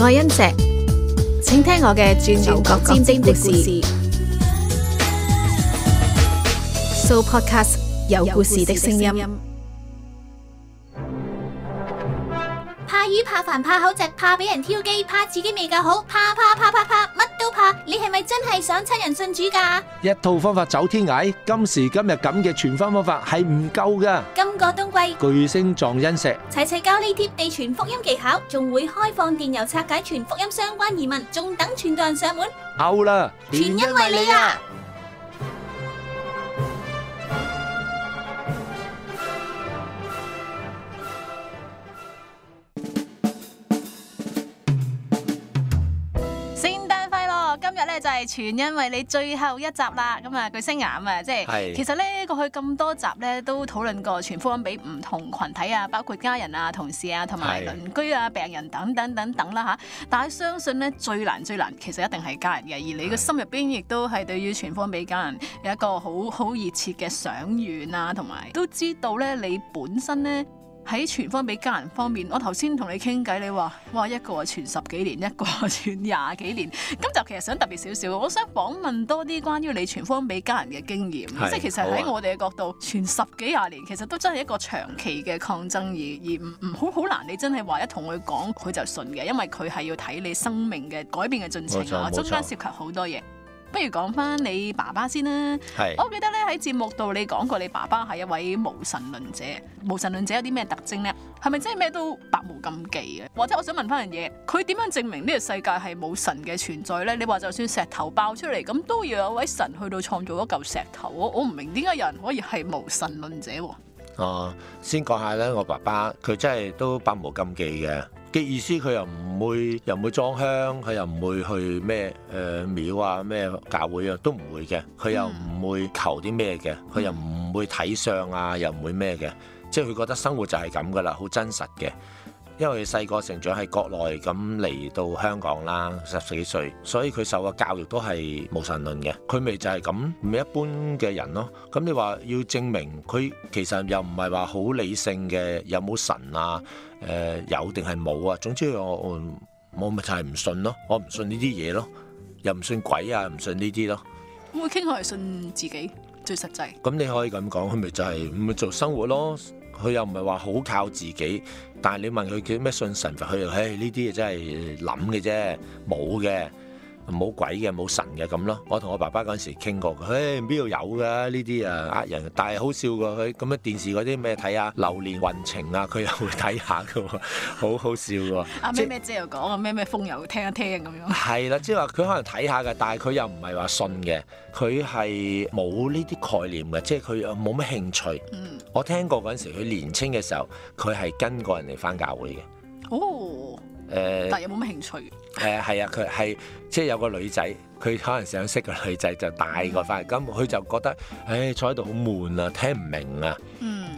愛恩石，請聽我嘅轉轉角尖尖的故事。So podcast 有故事的聲音。怕魚怕煩怕口食，怕俾人挑機，怕自己未夠好，怕怕怕怕怕，乜都怕。你係咪真係想親人信主噶？一套方法走天涯，今時今日咁嘅傳福音方法係唔夠噶。今個冬季巨星撞恩石，齊齊教呢貼地傳福音技巧，仲會開放電郵拆解傳福音相關疑問，仲等傳到人上門。牛啦了！全因為你啊！就係全因為你最後一集啦，咁啊巨聲眼啊，即係是其實咧過去咁多集咧都討論過傳福音俾唔同群體啊，包括家人啊、同事啊、同埋鄰居啊、病人等等等等啦、啊、嚇。但係相信咧最難最難，其實一定係家人嘅，而你嘅心入邊亦都係對於傳福音俾家人有一個好好熱切嘅想願啊，同埋都知道咧你本身咧。喺傳方俾家人方面，我頭先同你傾偈，你話哇一個啊傳十幾年，一個啊傳廿幾年，咁就其實想特別少少。我想訪問多啲關於你傳方俾家人嘅經驗，是即係其實喺我哋嘅角度，傳、啊、十幾廿年其實都真係一個長期嘅抗爭而而唔唔好好難，你真係話一同佢講，佢就信嘅，因為佢係要睇你生命嘅改變嘅進程啊，錯我中間涉及好多嘢。不如講翻你爸爸先啦。係，我記得咧，喺節目度你講過你爸爸係一位無神論者。無神論者有啲咩特徵咧？係咪真係咩都百無禁忌嘅？或者我想問翻樣嘢，佢點樣證明呢個世界係冇神嘅存在咧？你話就算石頭爆出嚟咁，都要有位神去到創造一嚿石頭，我唔明點解有人可以係無神論者喎。哦、啊，先講下咧，我爸爸佢真係都百無禁忌嘅。嘅意思，佢又唔會又唔會裝香，佢又唔會去咩誒廟啊咩教會啊，都唔會嘅，佢又唔會求啲咩嘅，佢、嗯、又唔會睇相啊又唔會咩嘅，即係佢覺得生活就係咁噶啦，好真實嘅。因為佢細個成長喺國內，咁嚟到香港啦，十四歲，所以佢受嘅教育都係無神論嘅。佢咪就係咁，唔係一般嘅人咯。咁你話要證明佢其實又唔係話好理性嘅，有冇神啊？誒、呃、有定係冇啊！總之我我咪就係唔信咯，我唔信呢啲嘢咯，又唔信鬼啊，唔信呢啲咯。會傾向係信自己最實際。咁你可以咁講，佢咪就係、係、咪、就係、做生活咯。佢又唔係話好靠自己，但係你問佢叫咩信神佛，佢又唉呢啲嘢真係諗嘅啫，冇嘅。冇鬼嘅，冇神嘅咁咯。我同我爸爸嗰陣時傾過佢，誒邊度有㗎呢啲啊呃人，但係好笑過佢咁樣電視嗰啲咩睇下流年運程啊，佢又會睇下嘅，好好笑喎。阿咩咩姐又講啊咩咩風油聽一聽咁樣。係啦，即係話佢可能睇下㗎，但係佢又唔係話信嘅，佢係冇呢啲概念嘅，即係佢冇乜興趣。嗯，我聽過嗰陣時，佢年青嘅時候，佢係跟過人哋返教會嘅。哦。誒，嗯、但有冇咩興趣？誒係、嗯、啊，佢係即係有個女仔，佢可能想識個女仔就帶我返嚟，咁佢就覺得，誒、哎、坐喺度好悶啊，聽唔明啊，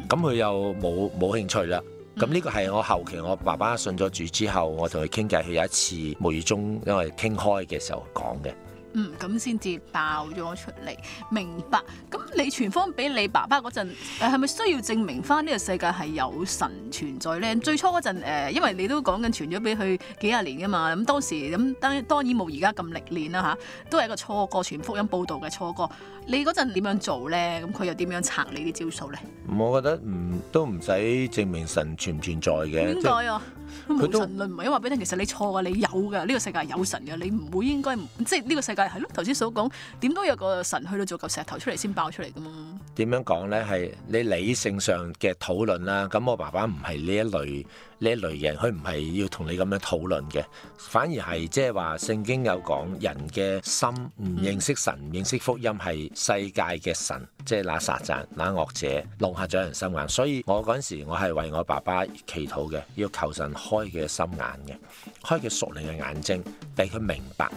咁佢、嗯、又冇冇興趣啦。咁呢個係我後期我爸爸信咗主之後，我同佢傾偈，佢有一次無意中因為傾開嘅時候講嘅。嗯，咁先至爆咗出嚟，明白。咁你傳方俾你爸爸嗰陣，誒係咪需要證明翻呢個世界係有神存在咧？最初嗰陣、呃，因為你都講緊傳咗俾佢幾廿年噶嘛，咁、嗯、當時咁、嗯、當當然冇而家咁歷練啦吓、啊，都係一個錯過傳福音佈道嘅錯過。你嗰陣點樣做咧？咁佢又點樣拆你啲招數咧？我覺得唔都唔使證明神存唔存在嘅。點解啊，無神論唔係因為話俾你聽，其實你錯㗎，你有㗎，呢個世界係有神㗎，你唔會應該，即係呢個世界係咯。頭先所講點都有個神去到做嚿石頭出嚟先爆出嚟㗎嘛。點樣講咧？係你理性上嘅討論啦。咁我爸爸唔係呢一類。呢一類型，佢唔係要同你咁樣討論嘅，反而係即係話聖經有講人嘅心唔認識神，唔認識福音係世界嘅神，即係那撒贊那惡者弄下咗人心眼。所以我嗰陣時，我係為我爸爸祈禱嘅，要求神開佢心眼嘅，開佢屬靈嘅眼睛，俾佢明白。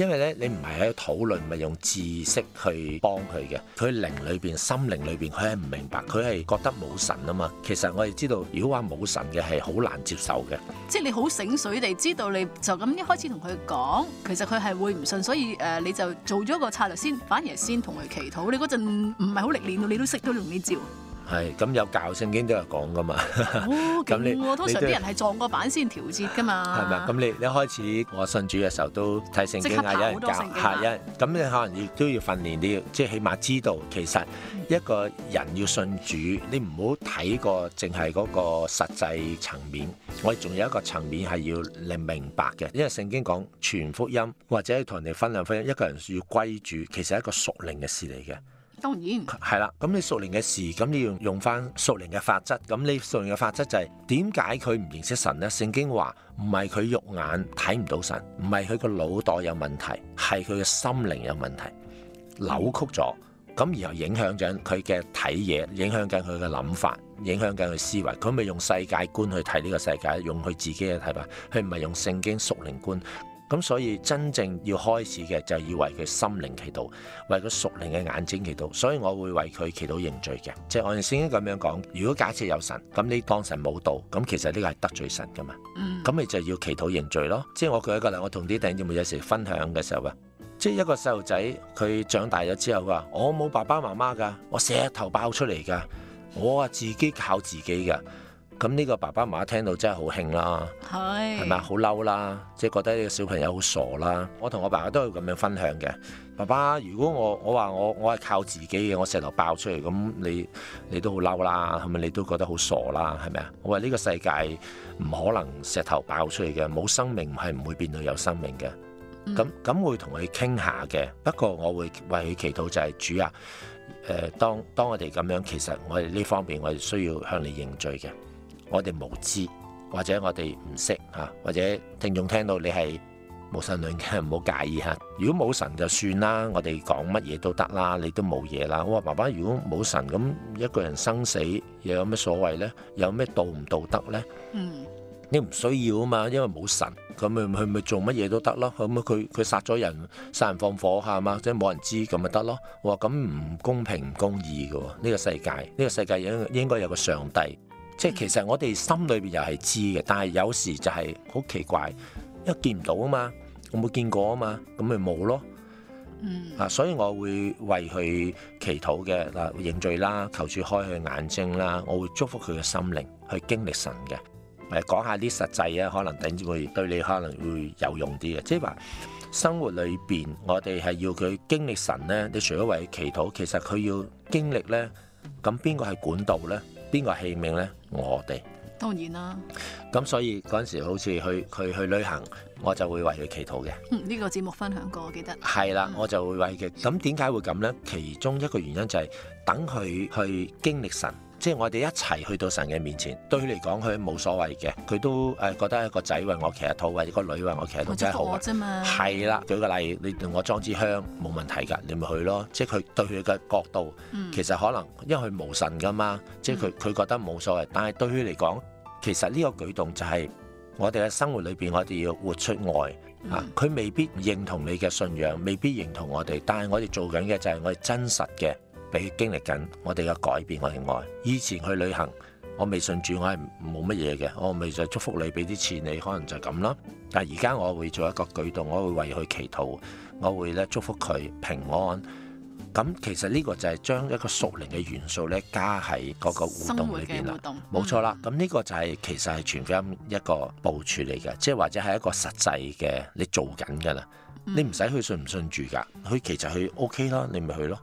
因為咧，你唔係喺度討論，唔係用知識去幫佢嘅。佢靈裏邊、心靈裏邊，佢係唔明白，佢係覺得冇神啊嘛。其實我哋知道，如果話冇神嘅係好難接受嘅。即係你好醒水地知道，你就咁一開始同佢講，其實佢係會唔信，所以誒你就做咗一個策略先，反而先同佢祈禱。你嗰陣唔係好歷練到，你都識得用呢招。係，咁有教聖經都有講噶嘛？咁、哦、 你通常啲人係撞個板先調節噶嘛？係咪？咁你一開始我信主嘅時候都睇聖經啊，有人教係，咁你可能亦都要訓練你要即係起碼知道，其實一個人要信主，你唔好睇個淨係嗰個實際層面。我哋仲有一個層面係要你明白嘅，因為聖經講全福音或者同人哋分享福音，一個人要歸主其實係一個屬靈嘅事嚟嘅。當然係啦，咁你屬靈嘅事，咁你用用返屬靈嘅法則。咁你屬靈嘅法則就係點解佢唔認識神呢？聖經話唔係佢肉眼睇唔到神，唔係佢個腦袋有問題，係佢嘅心靈有問題，扭曲咗，咁然後影響咗佢嘅睇嘢，影響緊佢嘅諗法，影響緊佢思維。佢咪用世界觀去睇呢個世界，用佢自己嘅睇法，佢唔係用聖經屬靈觀。咁所以真正要開始嘅就係要為佢心靈祈禱，為佢屬靈嘅眼睛祈禱，所以我會為佢祈禱認罪嘅。即係我哋先咁樣講：如果假設有神，咁你當神冇道，咁其實呢個係得罪神噶嘛。咁、嗯、你就要祈禱認罪咯。即係我舉一個例，我同啲弟兄姊妹有時分享嘅時候啊，即係一個細路仔佢長大咗之後啊，我冇爸爸媽媽㗎，我石頭爆出嚟㗎，我啊自己靠自己㗎。咁呢個爸爸媽媽聽到真係好㷫啦，係咪？好嬲啦，即係、就是、覺得呢個小朋友好傻啦。我同我爸爸都會咁樣分享嘅。爸爸，如果我我話我我係靠自己嘅，我石頭爆出嚟咁，你你都好嬲啦，係咪？你都覺得好傻啦，係咪啊？我話呢個世界唔可能石頭爆出嚟嘅，冇生命係唔會變到有生命嘅。咁咁、嗯、會同佢傾下嘅，不過我會為佢祈禱、就是，就係主啊。誒、呃，當當我哋咁樣，其實我哋呢方面我哋需要向你認罪嘅。我哋無知或者我哋唔識嚇，或者聽眾聽到你係無神論嘅，唔 好介意嚇。如果冇神就算啦，我哋講乜嘢都得啦，你都冇嘢啦。我話爸爸，如果冇神咁一個人生死又有咩所謂呢？有咩道唔道德呢？嗯、你唔需要啊嘛，因為冇神咁咪佢咪做乜嘢都得咯。咁佢佢殺咗人，殺人放火下嘛，即係冇人知咁咪得咯。我話咁唔公平唔公義嘅喎，呢個世界呢個世界應應該有個上帝。即係其實我哋心裏邊又係知嘅，但係有時就係好奇怪，因為見唔到啊嘛，我冇見過啊嘛，咁咪冇咯。嗯，啊，所以我會為佢祈禱嘅，嗱、啊，認罪啦，求主開佢眼睛啦，我會祝福佢嘅心靈去經歷神嘅。誒、啊，講下啲實際啊，可能等陣會對你可能會有用啲嘅，即係話生活裏邊我哋係要佢經歷神咧，你除咗為佢祈禱，其實佢要經歷咧，咁邊個係管道咧？邊個棄命呢？我哋當然啦。咁所以嗰陣時好似去佢去，去旅行，我就會為佢祈禱嘅。呢、嗯呢個節目分享過，我記得。係啦的，嗯、我就會為佢。咁點解會咁呢？其中一個原因就係等佢去經歷神。即係我哋一齊去到神嘅面前，對佢嚟講，佢冇所謂嘅，佢都誒覺得一個仔為我祈下禱或者個女為我祈下禱都真係好啫嘛，係啦，舉個例，你同我裝支香冇問題㗎，你咪去咯。即係佢對佢嘅角度，其實可能因為佢無神㗎嘛，嗯、即係佢佢覺得冇所謂。但係對佢嚟講，其實呢個舉動就係我哋嘅生活裏邊，我哋要活出愛、嗯、啊！佢未必認同你嘅信仰，未必認同我哋，但係我哋做緊嘅就係我哋真實嘅。俾佢經歷緊我哋嘅改變，另外以前去旅行，我未信住我係冇乜嘢嘅，我咪就祝福你俾啲錢，你可能就咁咯。但係而家我會做一個舉動，我會為佢祈禱，我會咧祝福佢平安。咁其實呢個就係將一個屬靈嘅元素咧加喺嗰個互動裏邊啦，冇錯啦。咁呢個就係、是、其實係傳福音一個部署嚟嘅，即係或者係一個實際嘅你做緊噶啦，你唔使去信唔信住㗎，佢其實佢 O K 啦，okay, 你咪去咯。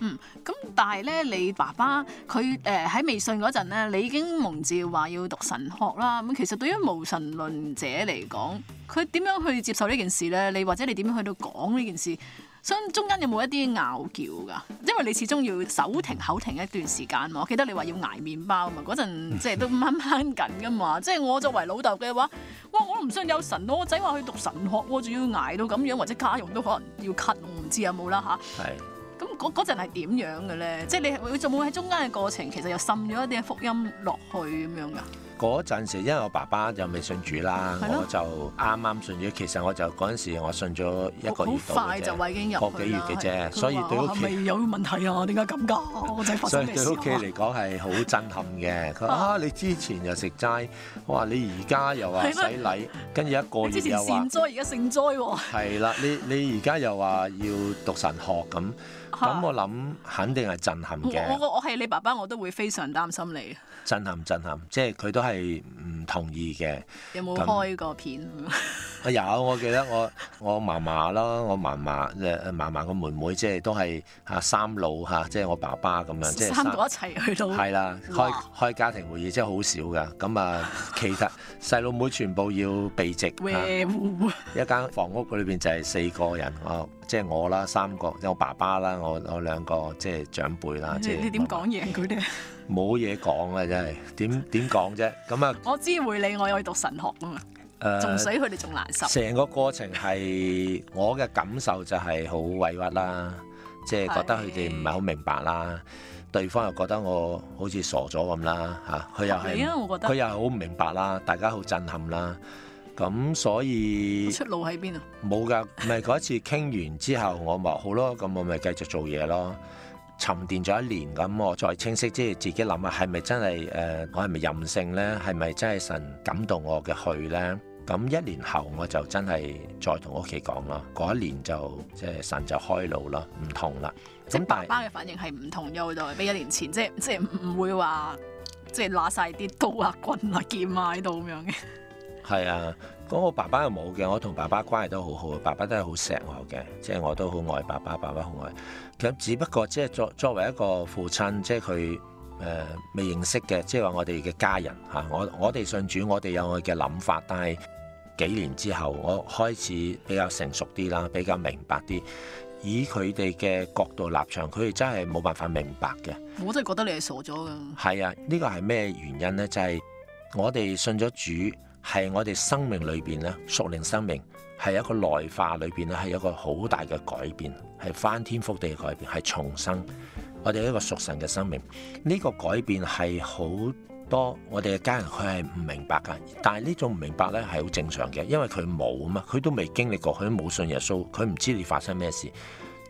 嗯，咁但係咧，你爸爸佢誒喺微信嗰陣咧，你已經蒙召話要讀神學啦。咁其實對於無神論者嚟講，佢點樣去接受呢件事咧？你或者你點樣去到講呢件事？所以中間有冇一啲拗撬噶？因為你始終要手停口停一段時間嘛。我記得你話要捱麵包啊嘛，嗰陣即係都掹掹緊噶嘛。即係我作為老豆嘅話，哇！我唔信有神，我仔話去讀神學喎，仲要捱到咁樣，或者家用都可能要 cut。我唔知有冇啦嚇。係。嗰嗰陣係點樣嘅咧？即係你會仲會喺中間嘅過程，其實又滲咗一啲福音落去咁樣噶。嗰陣時，因為我爸爸又未信主啦，的我就啱啱信主。其實我就嗰陣時，我信咗一個月到嘅有個幾月嘅啫。所以對屋企、啊、有問題啊？點解咁㗎？我啊、所以對屋企嚟講係好震撼嘅。 啊，你之前又食齋，哇！你而家又話洗禮，跟住的一個月又話善哉，而家聖哉喎。係啦， 你你而家又話要讀神學咁。咁我諗肯定係震撼嘅。我我係你爸爸，我都會非常擔心你。震撼震撼，即係佢都係唔同意嘅。有冇開過片啊？有，我記得我我嫲嫲啦，我嫲嫲誒誒嫲嫲個妹妹，即係都係啊三老嚇，即係我爸爸咁樣，即係三，三個一齊去到。係啦的，哇開開家庭會議即係好少㗎。咁啊，其實細佬妹全部要避席、 啊，一間房屋裏邊就係四個人哦，即係我啦，三個即係我爸爸啦，我我兩個即係長輩啦，即係你。妹妹你點講嘢佢哋？冇嘢講啊！真係點點講啫？咁啊，我知會你，我要去讀神學啊嘛，仲使佢哋仲難受。成個過程係我嘅感受就係好委屈啦，即係覺得佢哋唔係好明白啦，的對方又覺得我好似傻咗咁啦嚇，佢又係，佢又係好唔明白啦，大家好震撼啦，咁所以出路喺邊啊？冇㗎，咪嗰一次傾完之後，我咪好咯，咁我咪繼續做嘢咯。沉澱咗一年咁，我再清晰即係自己諗下係咪真係誒、呃？我係咪任性呢？係咪真係神感動我嘅去呢？咁一年後我就真係再同屋企講咯。嗰一年就即係神就開路啦，唔同啦。咁爸爸嘅反應係唔同咗，好多比一年前即係即係唔唔會話即係拿晒啲刀啊、棍啊、劍啊喺度咁樣嘅。係 啊。咁我爸爸又冇嘅，我同爸爸關係都好好，爸爸都係好錫我嘅，即係我都好愛爸爸，爸爸好愛。咁只不過即係作作為一個父親，即係佢誒未認識嘅，即係話我哋嘅家人嚇。我我哋信主，我哋有我嘅諗法，但係幾年之後，我開始比較成熟啲啦，比較明白啲。以佢哋嘅角度立場，佢哋真係冇辦法明白嘅。我真係覺得你係傻咗㗎。係啊，呢個係咩原因呢？就係我哋信咗主。係我哋生命裏邊咧，屬靈生命係一個內化裏邊咧，係一個好大嘅改變，係翻天覆地嘅改變，係重生。我哋一個屬神嘅生命，呢個改變係好多我哋嘅家人佢係唔明白噶，但係呢種唔明白呢係好正常嘅，因為佢冇啊嘛，佢都未經歷過，佢都冇信耶穌，佢唔知你發生咩事，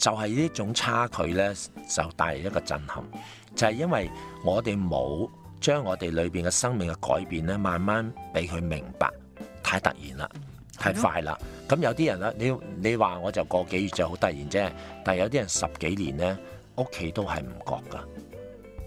就係呢種差距呢，就帶嚟一個震撼，就係因為我哋冇。將我哋裏邊嘅生命嘅改變咧，慢慢俾佢明白，太突然啦，太快啦。咁的有啲人咧，你你話我就過幾月就好突然啫，但係有啲人十幾年咧，屋企都係唔覺噶。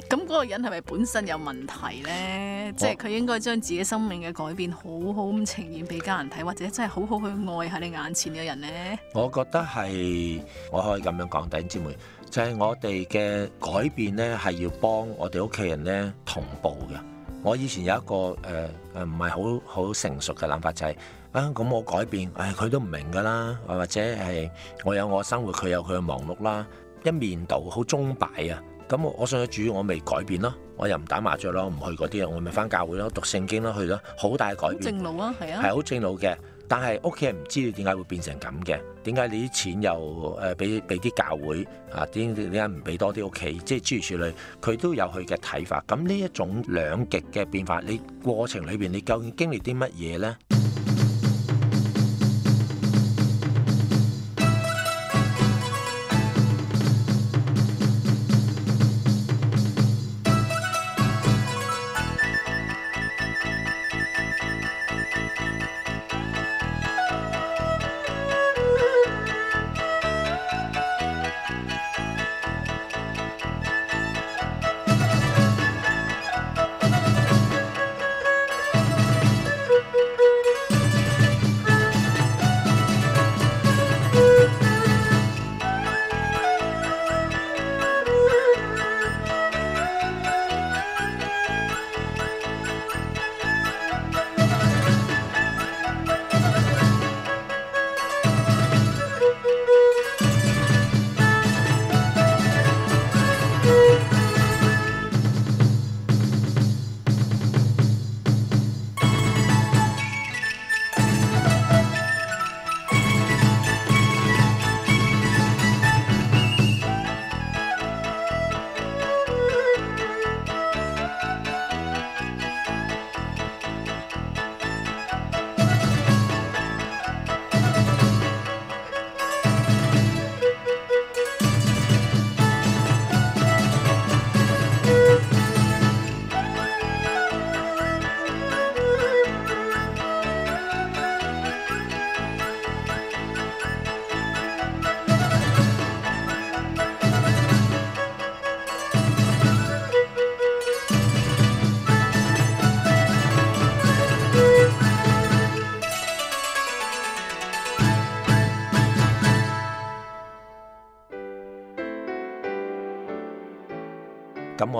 咁嗰個人係咪本身有問題咧？我即係佢應該將自己生命嘅改變好好咁呈現俾家人睇，或者真係好好去愛喺你眼前嘅人咧？我覺得係，我可以咁樣講，弟兄姐妹。就係我哋嘅改變呢，係要幫我哋屋企人呢同步嘅。我以前有一個誒誒唔係好好成熟嘅諗法，就係、是、啊咁我改變，誒、哎、佢都唔明㗎啦，或者係我有我生活，佢有佢嘅忙碌啦，一面倒好中白啊！咁我信咗主要，我未改變咯，我又唔打麻雀咯，唔去嗰啲啊，我咪返教會咯，讀聖經咯，去咯，好大改變。改變正路啊，係好、啊、正路嘅。但係屋企人唔知點解會變成咁嘅？點解你啲錢又誒俾俾啲教會啊？點點解唔俾多啲屋企？即係諸如此類，佢都有佢嘅睇法。咁呢一種兩極嘅變化，你過程裏邊你究竟經歷啲乜嘢呢？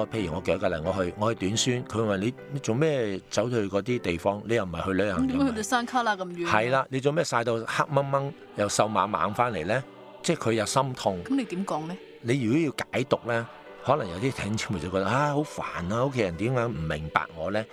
譬如我舉個例，我去我去短宣，佢話你做咩走咗去嗰啲地方？你又唔係去旅行點？去到、嗯嗯、山卡啦咁遠，啊。係啦，你做咩曬到黑掹掹又瘦蜢蜢翻嚟咧？即係佢又心痛。咁你點講咧？你如果要解讀咧，可能有啲聽者就會覺得啊，好煩啊！屋企人點解唔明白我咧？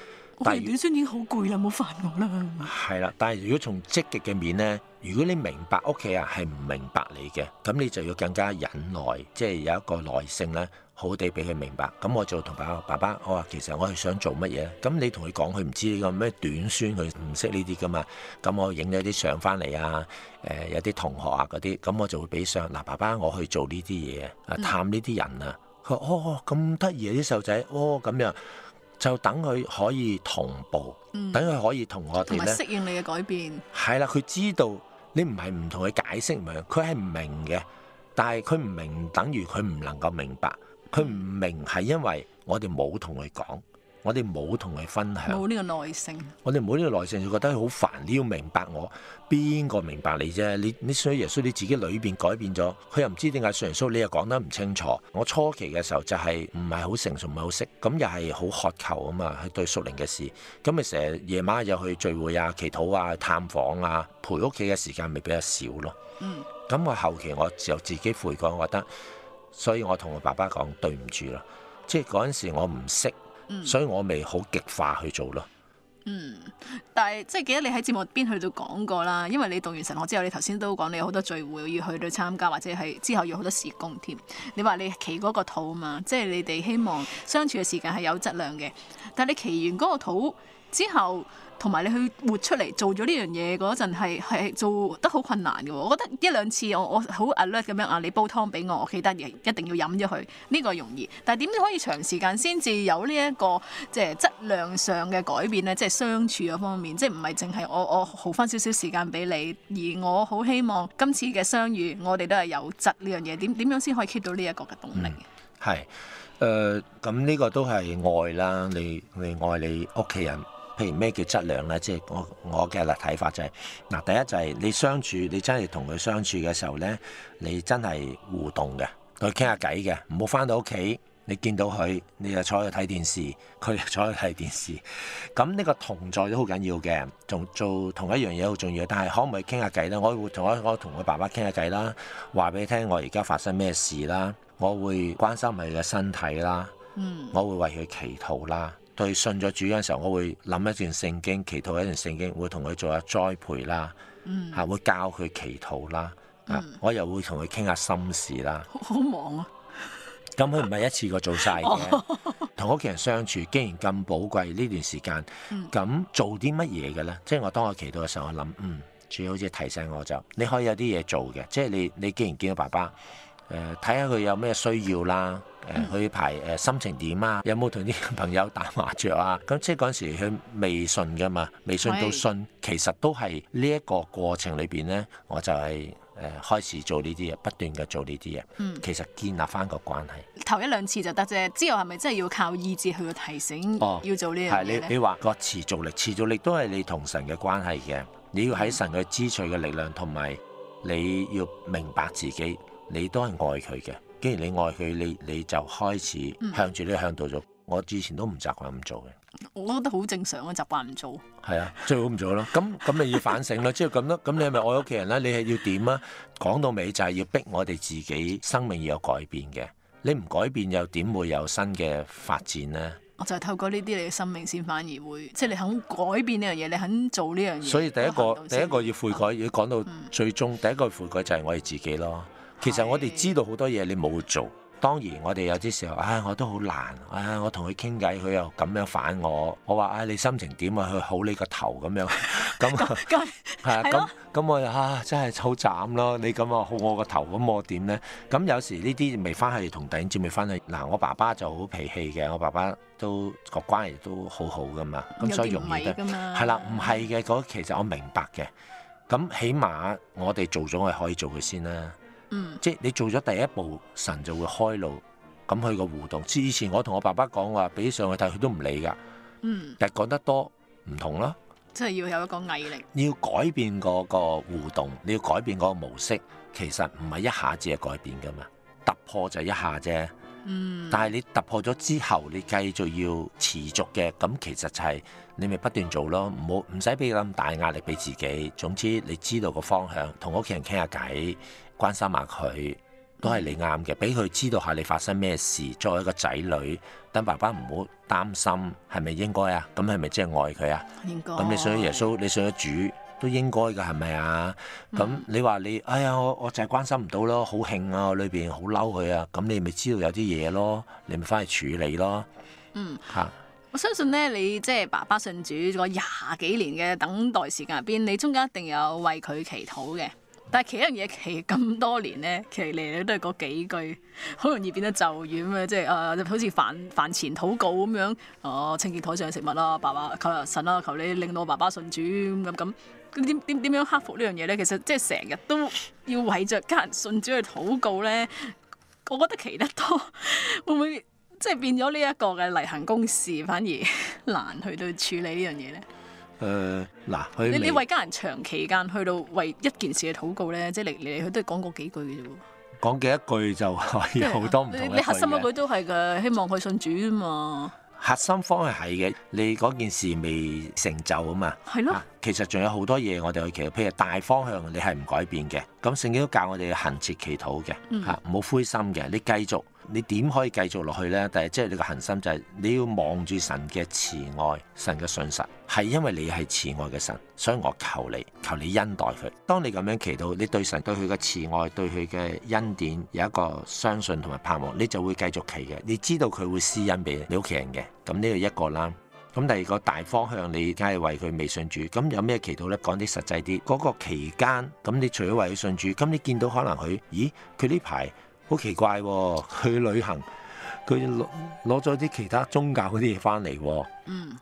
但係短宣已經好攰啦，冇煩我啦。係啦，但係如果從積極嘅面咧，如果你明白屋企人係唔明白你嘅，咁你就要更加忍耐，即、就、係、是、有一個耐性咧，好好地俾佢明白。咁我就同爸我爸爸，我話、哦、其實我係想做乜嘢。咁你同佢講，佢唔知呢個咩短宣，佢唔識呢啲噶嘛。咁我影咗啲相翻嚟啊，誒、呃、有啲同學啊嗰啲，咁我就會俾相嗱、啊、爸爸，我去做呢啲嘢啊，探呢啲人啊。佢話，哦咁得意啊啲細路仔，哦咁、這個哦、樣。就等佢可以同步，等佢、嗯、可以同我哋咧適應你嘅改變，係啦，佢知道你唔係唔同佢解釋，唔係佢係唔明嘅。但係佢唔明，等於佢唔能夠明白。佢唔明係因為我哋冇同佢講。我哋冇同佢分享，冇呢個耐性。我哋冇呢個耐性，就覺得好煩。你要明白我邊個明白你啫？你你，所以耶穌你自己裏邊改變咗，佢又唔知點解。耶穌你又講得唔清楚。我初期嘅時候就係唔係好成熟，唔係好識，咁又係好渴求啊嘛，係對屬靈嘅事。咁咪成日夜晚又去聚會啊、祈禱啊、探訪啊、陪屋企嘅時間咪比較少咯。嗯，咁我後期我就自己悔改，我覺得，所以我同我爸爸講對唔住咯，即係嗰陣時我唔識。所以我未好極化去做咯。嗯，但係即係記得你喺節目邊去到講過啦，因為你讀完神學之後，我知道你頭先都講你有好多聚會要去到參加，或者係之後要好多時工添。你話你企嗰個肚嘛，即係你哋希望相處嘅時間係有質量嘅，但係你企完嗰個肚，之後，同埋你去活出嚟做咗呢樣嘢嗰陣，係係做得好困難嘅，哦。我覺得一兩次，我我好 alert 咁樣啊，你煲湯俾我，我記得，亦一定要飲咗佢。呢，這個容易，但係點樣可以長時間先至有呢一個即係質量上嘅改變呢？即係相處嘅方面，即係唔係淨係我我耗翻少少時間俾你，而我好希望今次嘅相遇，我哋都係有質呢樣嘢。點點樣先可以 keep 到呢一個嘅動力？係，嗯，誒，咁，呃、呢個都係愛啦。你你愛你屋企人。譬如咩叫質量咧？即係我我嘅睇法就係嗱，第一就係你相處，你真係同佢相處嘅時候咧，你真係互動嘅，同佢傾下偈嘅。唔好翻到屋企，你見到佢，你就坐去睇電視，佢坐去睇電視。咁呢個同在都好緊要嘅，仲做同一樣嘢好重要。但係可唔可以傾下偈咧？我會同我我同佢爸爸傾下偈啦，話俾你聽我而家發生咩事啦，我會關心佢嘅身體啦，嗯，我會為佢祈禱啦。嗯對信咗主嘅時候，我會諗一段聖經，祈禱一段聖經，會同佢做下栽培啦，嚇、嗯、會教佢祈禱啦，啊、嗯、我又會同佢傾下心事啦。好忙啊！咁佢唔係一次過做晒嘅，同屋企人相處竟然咁寶貴呢段時間，咁做啲乜嘢嘅咧？嗯、即係我當我祈禱嘅時候，我諗嗯，主好似提醒我就你可以有啲嘢做嘅，即係你你，你既然見到爸爸。誒睇下佢有咩需要啦。誒、嗯、去排誒心情點啊？有冇同啲朋友打麻雀啊？咁即係嗰時佢未信噶嘛，未信到信，以其實都係呢一個過程裏邊咧，我就係誒開始做呢啲嘢，不斷嘅做呢啲嘢，嗯、其實建立翻個關係。頭一兩次就得啫，之後係咪真係要靠意志去提醒、哦、要做呢樣嘢咧？係你你話個持續力，持續力都係你同神嘅關係嘅。你要喺神嘅支取嘅力量，同埋你要明白自己。你都係愛佢嘅，既然你愛佢，你你就開始向住呢個向到咗。我之前都唔習慣咁做嘅，我覺得好正常啊，我習慣唔做。係啊，最好唔做咯。咁咁咪要反省咯。即係咁咯。咁你係咪愛屋企人咧？你係要點啊？講到尾就係要逼我哋自己生命要有改變嘅。你唔改變又點會有新嘅發展咧？我就係透過呢啲，你嘅生命先反而會，即係你肯改變呢樣嘢，你肯做呢樣嘢。所以第一個第一個要悔改，要講到最終第一個悔改就係我哋自己咯。其實我哋知道好多嘢，你冇做。當然我哋有啲時候，唉，我都好難。唉，我同佢傾偈，佢又咁樣反我。我話：唉，你心情點啊？去好你個頭咁樣。咁咁咁我啊真係好斬咯。你咁話好我個頭，咁我點呢？咁有時呢啲未返去，同頂尖未返去。嗱。我爸爸就好脾氣嘅，我爸爸都個關係都好好㗎嘛。咁所以容易得係啦。唔係嘅，嗰、那個、其實我明白嘅。咁起碼我哋做咗，我係可以做佢先啦。嗯，即係你做咗第一步，神就會開路，咁佢個互動。之前我同我爸爸講話，俾上去睇，佢都唔理噶。嗯，但係講得多唔同囉。即係要有一個毅力。你要改變嗰個互動，你要改變嗰個模式，其實唔係一下子係改變噶嘛，突破就一下啫。嗯，但係你突破咗之後，你繼續要持續嘅，咁其實就係、是。你咪不斷做咯，唔好唔使俾咁大壓力俾自己。總之你知道個方向，同屋企人傾下偈，關心下佢，都係你啱嘅。俾佢知道下你發生咩事。作為一個仔女，等爸爸唔好擔心，係咪應該啊？咁係咪即係愛佢啊？應該。咁你信咗耶穌，你信咗主，都應該㗎，係咪啊？咁你話你，哎呀，我我就係關心唔到咯，好興啊，裏邊好嬲佢啊，咁你咪知道有啲嘢咯，你咪返去處理咯。嗯。嚇、啊。我相信咧，你即係爸爸信主個廿幾年嘅等待時間入邊，你中間一定有為佢祈禱嘅。但係祈一樣嘢，祈咁多年咧，祈嚟嚟都係嗰幾句，好容易變得就遠啊！即係啊，好似飯飯前禱告咁樣，哦、啊，清潔台上的食物啦，爸爸求神啦、啊，求你令到爸爸信主咁咁。咁點點點樣克服呢樣嘢咧？其實即係成日都要為着家人信主去禱告咧，我覺得祈得多 會唔會？即係變咗呢一個嘅例行公事，反而難去到處理呢樣嘢咧。誒嗱，你你為家人長期間去到為一件事嘅禱告咧，即係嚟嚟去去都係講過幾句嘅啫喎。講幾一句就可以好多唔同一句。你核心一句都係嘅，希望佢信主啊嘛。核心方向係嘅，你嗰件事未成就啊嘛。係咯。其實仲有好多嘢我哋去祈，譬如大方向你係唔改變嘅。咁聖經都教我哋要恆切祈禱嘅嚇，唔好灰心嘅，你繼續。你點可以繼續落去呢？但係即係你個恒心就係你要望住神嘅慈愛，神嘅信實，係因為你係慈愛嘅神，所以我求你求你恩待佢。當你咁樣祈禱，你對神對佢嘅慈愛、對佢嘅恩典有一個相信同埋盼望，你就會繼續祈嘅。你知道佢會施恩俾你屋企人嘅。咁呢個一個啦。咁第二個大方向，你梗係為佢未信主。咁有咩祈禱呢？講啲實際啲。嗰、嗰個期間，咁你除咗為佢信主，咁你見到可能佢，咦，佢呢排？好奇怪喎、哦，去旅行佢攞攞咗啲其他宗教嗰啲嘢翻嚟，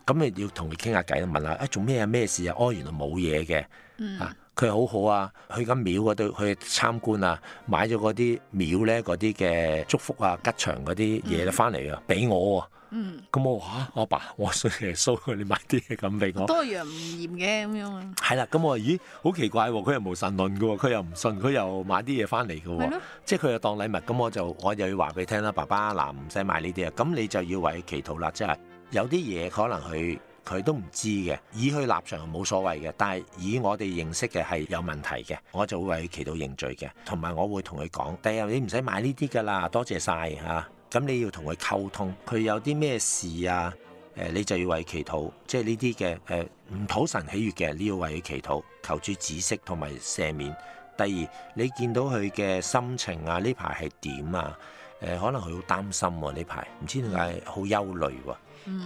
咁你、嗯、要同佢傾下偈咯，問下啊做咩啊咩事啊？哦原來冇嘢嘅，啊佢好好啊，去緊廟嗰度去參觀啊，買咗嗰啲廟咧嗰啲嘅祝福啊吉祥嗰啲嘢啦翻嚟啊，俾、嗯、我喎、哦。嗯，咁我話啊，阿爸，爸，我信耶穌，你買啲嘢咁俾我，多樣唔嫌嘅咁樣。係啦，咁我話咦，好奇怪喎，佢又冇神論㗎喎，佢又唔信，佢又買啲嘢翻嚟㗎喎，了即係佢又當禮物。咁我就我又要話俾你聽啦，爸爸，嗱唔使買呢啲啊，咁你就要為佢祈禱啦。即係有啲嘢可能佢佢都唔知嘅，以佢立場係冇所謂嘅，但係以我哋認識嘅係有問題嘅，我就會為佢祈禱認罪嘅，同埋我會同佢講，第日你唔使買呢啲㗎啦，多謝晒。啊」吓。咁你要同佢溝通，佢有啲咩事啊？誒、呃，你就要為祈禱，即係呢啲嘅誒，唔、呃、討神喜悅嘅，你要為佢祈禱，求主指示同埋赦免。第二，你見到佢嘅心情啊，呢排係點啊？誒、呃，可能佢好擔心喎、啊，呢排唔知點解好憂慮喎、啊。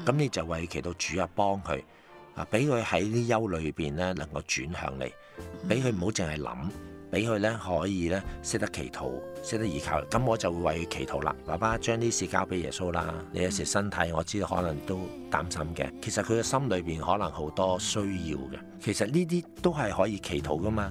咁你就為祈禱主啊幫佢啊，俾佢喺啲憂慮裏邊咧能夠轉向你，俾佢唔好淨係諗。俾佢咧可以咧識得祈禱，識得依靠，咁我就會為佢祈禱啦。爸爸將啲事交俾耶穌啦。你有時身體，我知道可能都擔心嘅。其實佢嘅心裏邊可能好多需要嘅。其實呢啲都係可以祈禱㗎嘛。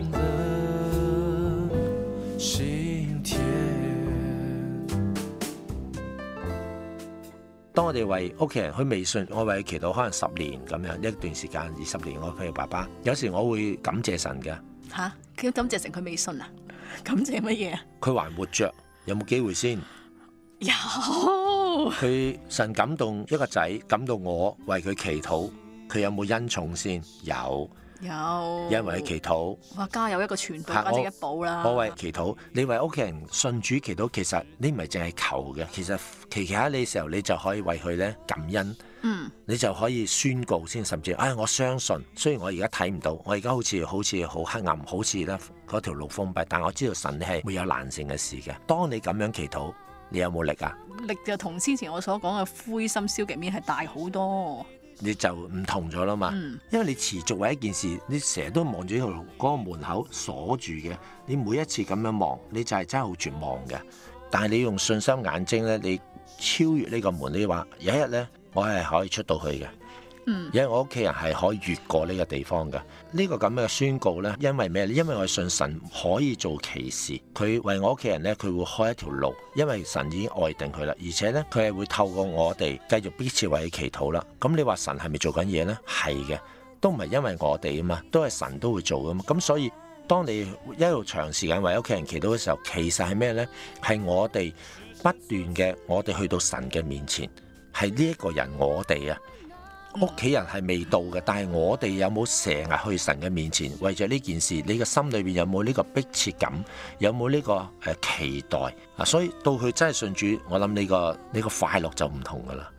我哋為屋企人去微信，我為佢祈禱可能十年咁樣一段時間，二十年。我佢嘅爸爸，有時我會感謝神嘅。吓、啊，佢感謝神佢微信啊？感謝乜嘢啊？佢還活着，有冇機會先？有。佢神感動一個仔，感動我為佢祈禱，佢有冇恩寵先？有。有，因為祈禱。哇，家有一個傳福或者一補啦、啊。我為祈禱，你為屋企人信主祈禱，其實你唔係淨係求嘅，其實祈祈喺你時候，你就可以為佢咧感恩。嗯，你就可以宣告先，甚至啊、哎，我相信，雖然我而家睇唔到，我而家好似好似好黑暗，好似咧嗰條路封閉，但我知道神係會有難成嘅事嘅。當你咁樣祈禱，你有冇力啊？力就同先前我所講嘅灰心消極面係大好多，你就唔同咗啦嘛，嗯、因為你持續為一件事，你成日都望住呢個嗰個門口鎖住嘅，你每一次咁樣望，你就係真係好絕望嘅。但係你用信心眼睛呢，你超越呢個門，你話有一日呢，我係可以出到去嘅。因為我屋企人係可以越過呢個地方嘅呢、呢個咁嘅宣告呢，因為咩咧？因為我信神可以做奇事，佢為我屋企人呢，佢會開一條路。因為神已經愛定佢啦，而且呢，佢係會透過我哋繼續彼此為佢祈禱啦。咁、嗯、你話神係咪做緊嘢呢？係嘅，都唔係因為我哋啊嘛，都係神都會做噶嘛。咁、嗯、所以當你一路長時間為屋企人祈禱嘅時候，其實係咩呢？係我哋不斷嘅，我哋去到神嘅面前，係呢一個人我哋啊。屋企、嗯、人係未到嘅，但係我哋有冇成日去神嘅面前為咗呢件事？你嘅心裏邊有冇呢個迫切感？有冇呢、這個誒、呃、期待啊？所以到佢真係信主，我諗呢、這個你、這個快樂就唔同噶啦。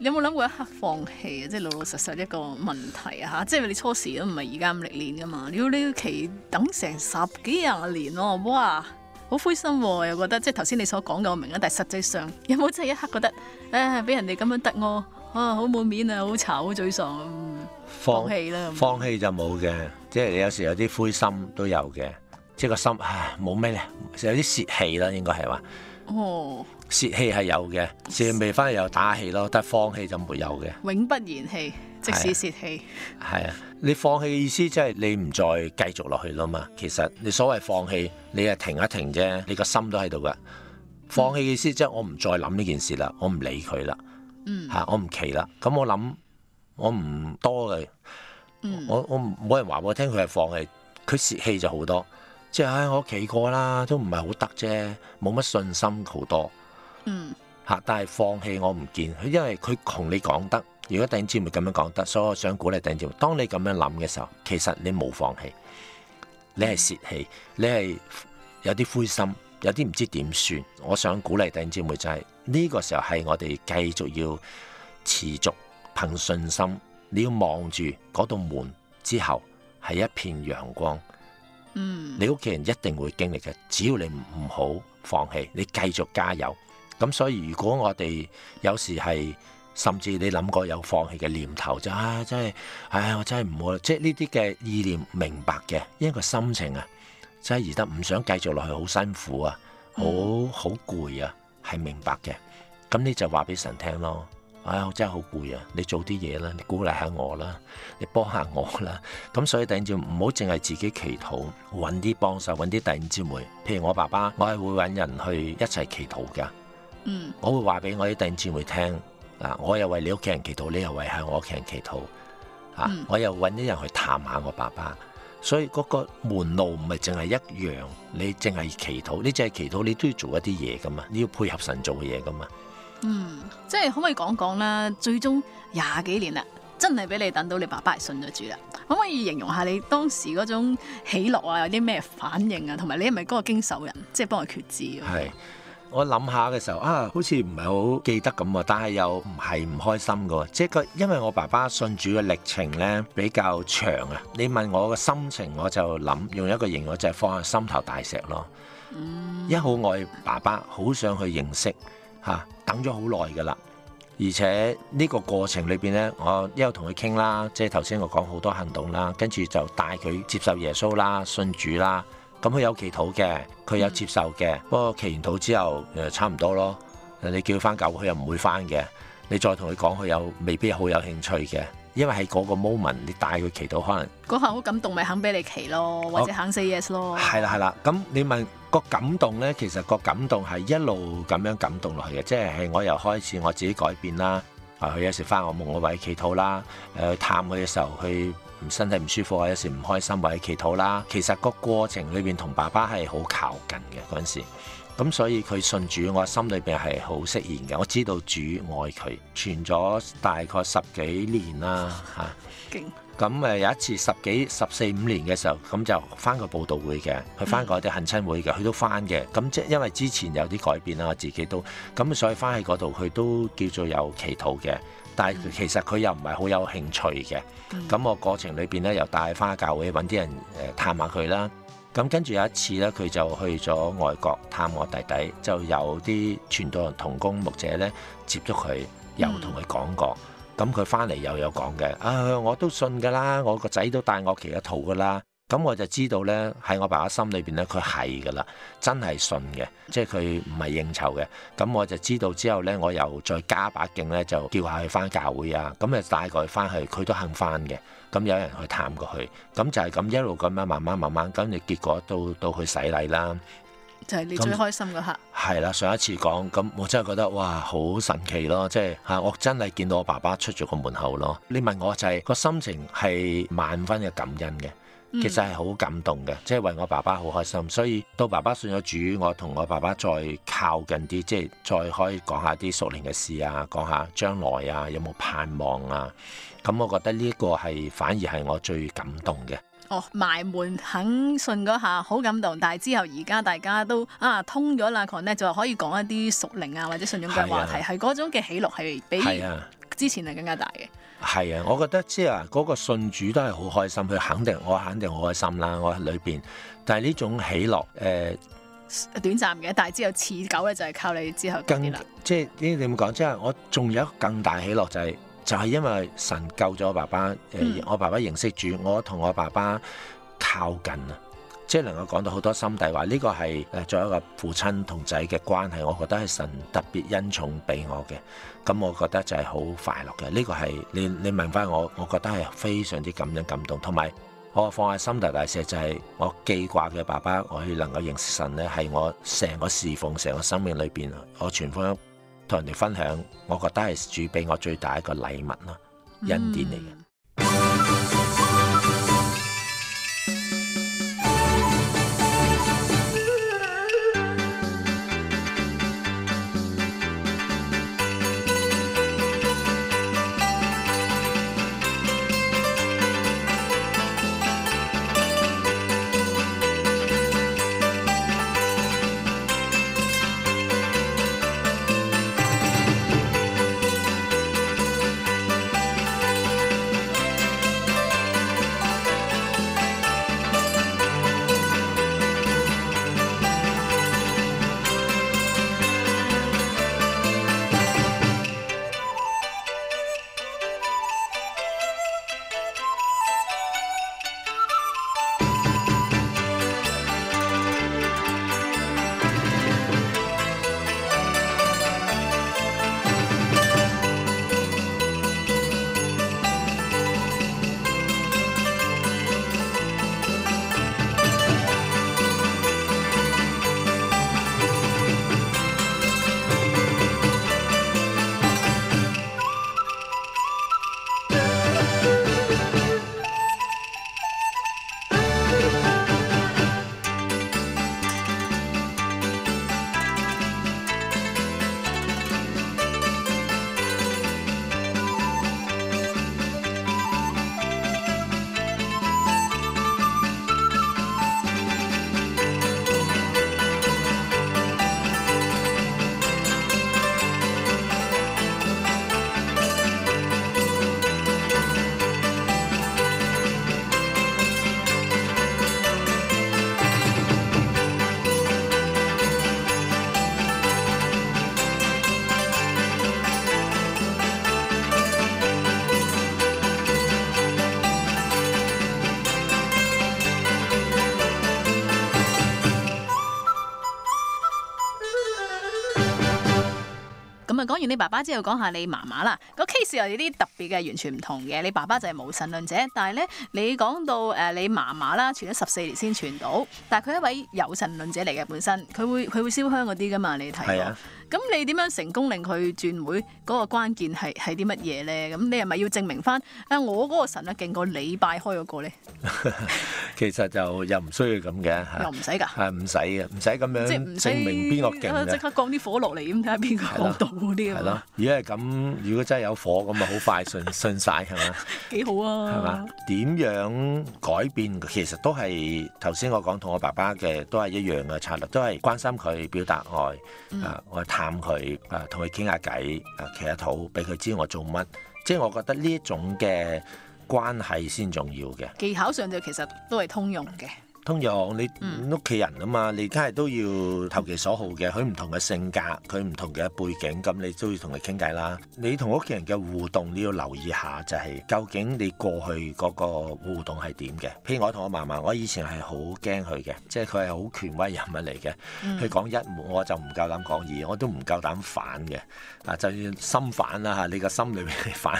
你有冇諗過一刻放棄啊？即係老老實實一個問題啊！嚇，即係你初時都唔係而家咁歷練噶嘛？要你要期等成十幾廿年喎、啊！哇，好灰心喎、啊！又覺得即係頭先你所講嘅我明啦，但係實際上有冇真係一刻覺得誒俾、哎、人哋咁樣得我？啊！好冇面啊，好醜，最衰。嗯、放，放棄啦、啊，嗯、放棄就冇嘅，即係你有時有啲灰心都有嘅，即係個心唉冇咩咧，有啲泄氣啦，應該係話。哦，泄氣係有嘅，泄氣咪翻去又打氣咯，但係放棄就沒有嘅。永不言棄，即使泄氣。係啊，啊，你放棄嘅意思即係你唔再繼續落去啦嘛。其實你所謂放棄，你係停一停啫，你個心都喺度㗎。放棄嘅意思即係我唔再諗呢件事啦，我唔理佢啦。我我我嗯，我唔奇啦，咁我諗我唔多嘅，我我冇人話我聽佢係放棄，佢泄氣就好多，即、就、係、是哎、我企過啦，都唔係好得啫，冇乜信心好多，嗯，但係放棄我唔見，因為佢同你講得，如果頂尖志梅咁樣講得，所以我想鼓勵頂尖志梅，當你咁樣諗嘅時候，其實你冇放棄，你係泄氣，你係有啲灰心。有啲唔知點算，我想鼓勵弟兄姊妹就係呢個時候係我哋繼續要持續憑信心，你要望住嗰道門之後係一片陽光。嗯，你屋企人一定會經歷嘅，只要你唔好放棄，你繼續加油。咁所以如果我哋有時係甚至你諗過有放棄嘅念頭就啊，真係，唉，我真係唔好，即係呢啲嘅意念明白嘅，因為個心情啊。真係而得唔想繼續落去，好辛苦啊，好好攰啊，係明白嘅。咁你就話俾神聽咯。唉、哎，我真係好攰啊！你做啲嘢啦，你鼓勵下我啦，你幫下我啦。咁所以第二招唔好淨係自己祈禱，搵啲幫手，搵啲弟兄姊妹。譬如我爸爸，我係會搵人去一齊祈禱嘅。嗯，我會話俾我啲弟兄姊妹聽啊，我又為你屋企人祈禱，你又為係我屋企人祈禱。吓、嗯，我又搵啲人去探下我爸爸。所以嗰個門路唔係淨係一樣，你淨係祈禱，你淨係祈禱，你都要做一啲嘢㗎嘛，你要配合神做嘅嘢㗎嘛。嗯，即係可唔可以講講啦？最終廿幾年啦，真係俾你等到你爸爸信咗主啦。可唔可以形容下你當時嗰種喜樂啊？有啲咩反應啊？同埋你係咪嗰個經手人？即係幫佢決志啊？係。我諗下嘅時候啊，好似唔係好記得咁啊，但係又唔係唔開心噶，即係因為我爸爸信主嘅歷程呢比較長啊。你問我個心情，我就諗用一個形容就係放下心頭大石咯。嗯，一好愛爸爸，好想去認識吓，啊，等咗好耐噶啦。而且呢個過程裏邊呢，我一路同佢傾啦，即係頭先我講好多行動啦，跟住就帶佢接受耶穌啦，信主啦。咁佢有祈禱嘅，佢有接受嘅。不過祈完禱之後，誒差唔多咯。你叫佢翻教會佢又唔會翻嘅。你再同佢講，佢又未必好有興趣嘅。因為喺嗰個 moment，你帶佢祈禱，可能嗰下好感動，咪肯俾你祈咯，或者肯 say yes 咯。係啦係啦。咁你問個感動咧，其實個感動係一路咁樣感動落去嘅。即係我又開始我自己改變啦。啊，佢有時翻我夢嘅位祈禱啦。誒，探佢嘅時候去。身體唔舒服啊，有時唔開心，或者祈禱啦。其實個過程裏邊同爸爸係好靠近嘅嗰陣時，咁所以佢信主，我心裏邊係好釋然嘅。我知道主愛佢，傳咗大概十幾年啦，吓。咁誒有一次十幾十四五年嘅時候，咁就翻過佈道會嘅，佢翻過啲懇親會嘅，佢都翻嘅。咁即係因為之前有啲改變啦，我自己都咁所以翻喺嗰度，佢都叫做有祈禱嘅。但係其實佢又唔係好有興趣嘅。咁我過程裏邊咧，又帶翻教會揾啲人誒探下佢啦。咁跟住有一次咧，佢就去咗外國探我弟弟，就有啲傳道人、同工牧者咧接觸佢，又同佢講過。咁佢翻嚟又有講嘅啊！我都信噶啦，我個仔都帶我其嘅套噶啦。咁我就知道呢，喺我爸爸心裏邊呢，佢係噶啦，真係信嘅，即係佢唔係應酬嘅。咁我就知道之後呢，我又再加把勁呢，就叫下佢翻教會啊。咁、嗯、啊，帶佢翻去，佢都肯翻嘅。咁、嗯、有人去探過去，咁、嗯、就係、是、咁一路咁樣慢慢慢慢咁。結果到到去洗禮啦。就係你最開心嗰刻，係啦、嗯。上一次講，咁我真係覺得哇，好神奇咯！即係嚇，我真係見到我爸爸出咗個門口咯。你問我就係、是、個心情係萬分嘅感恩嘅，其實係好感動嘅，嗯、即係為我爸爸好開心。所以到爸爸信咗主，我同我爸爸再靠近啲，即係再可以講下啲熟年嘅事啊，講下將來啊，有冇盼望啊？咁我覺得呢一個係反而係我最感動嘅。嗯哦，埋門肯信嗰下好感動，但係之後而家大家都啊通咗啦 connect 就可以講一啲熟靈啊或者信仰嘅話題，係嗰、啊、種嘅喜樂係比之前係更加大嘅。係啊，我覺得即係嗰個信主都係好開心，佢肯定我肯定好開心啦，我喺裏邊。但係呢種喜樂誒，呃、短暫嘅，但係之後持久咧就係靠你之後建立。即係點講？即、就、係、係就係、我仲有更大喜樂就係、係。就係因為神救咗我爸爸，誒我爸爸認識住我同我爸爸靠近啊，即係能夠講到好多心底話呢、這個係誒作為一個父親同仔嘅關係，我覺得係神特別恩寵俾我嘅，咁我覺得就係好快樂嘅。呢、這個係你你問翻我，我覺得係非常之感恩感動，同埋我放喺心底大石就係我記掛嘅爸爸，我能夠認識神咧，係我成個侍奉成個生命裏邊，我全方。同人哋分享，我覺得係主俾我最大一個禮物啦，嗯、恩典嚟嘅。講完你爸爸之後，講下你媽媽啦。個 case 又有啲特別嘅，完全唔同嘅。你爸爸就係無神論者，但係咧，你講到誒，你媽媽啦，傳咗十四年先傳到，但係佢係一位有神論者嚟嘅本身，佢會佢會燒香嗰啲噶嘛？你睇係咁你點樣成功令佢轉會？嗰個關鍵係係啲乜嘢咧？咁你係咪要證明翻？誒，我嗰個神啊勁過你拜開嗰個咧？其實就又唔需要咁嘅，又唔使噶，係唔使嘅，唔使咁樣，即係唔使證明邊個勁啊！即刻降啲火落嚟咁睇下邊個到嗰啲。係咯，如果係咁，如果真係有火咁啊，好快信信晒係嘛？幾好啊！係嘛？點樣改變？其實都係頭先我講同我爸爸嘅都係一樣嘅策略，都係關心佢，表達愛啊，我。喊佢啊，同佢傾下偈啊，企下肚，俾佢、呃、知我做乜。即係我覺得呢一種嘅關係先重要嘅。技巧上就其實都係通用嘅。通常你屋企、嗯、人啊嘛，你梗係都要投其所好嘅。佢唔同嘅性格，佢唔同嘅背景，咁你都要同佢傾偈啦。你同屋企人嘅互動，你要留意下、就係，就係究竟你過去嗰個互動係點嘅。譬如我同我嫲嫲，我以前係好驚佢嘅，即係佢係好權威人物嚟嘅。佢講、嗯、一，我就唔夠膽講二，我都唔夠膽反嘅。嗱，就算心反啦嚇，你個心裏面反，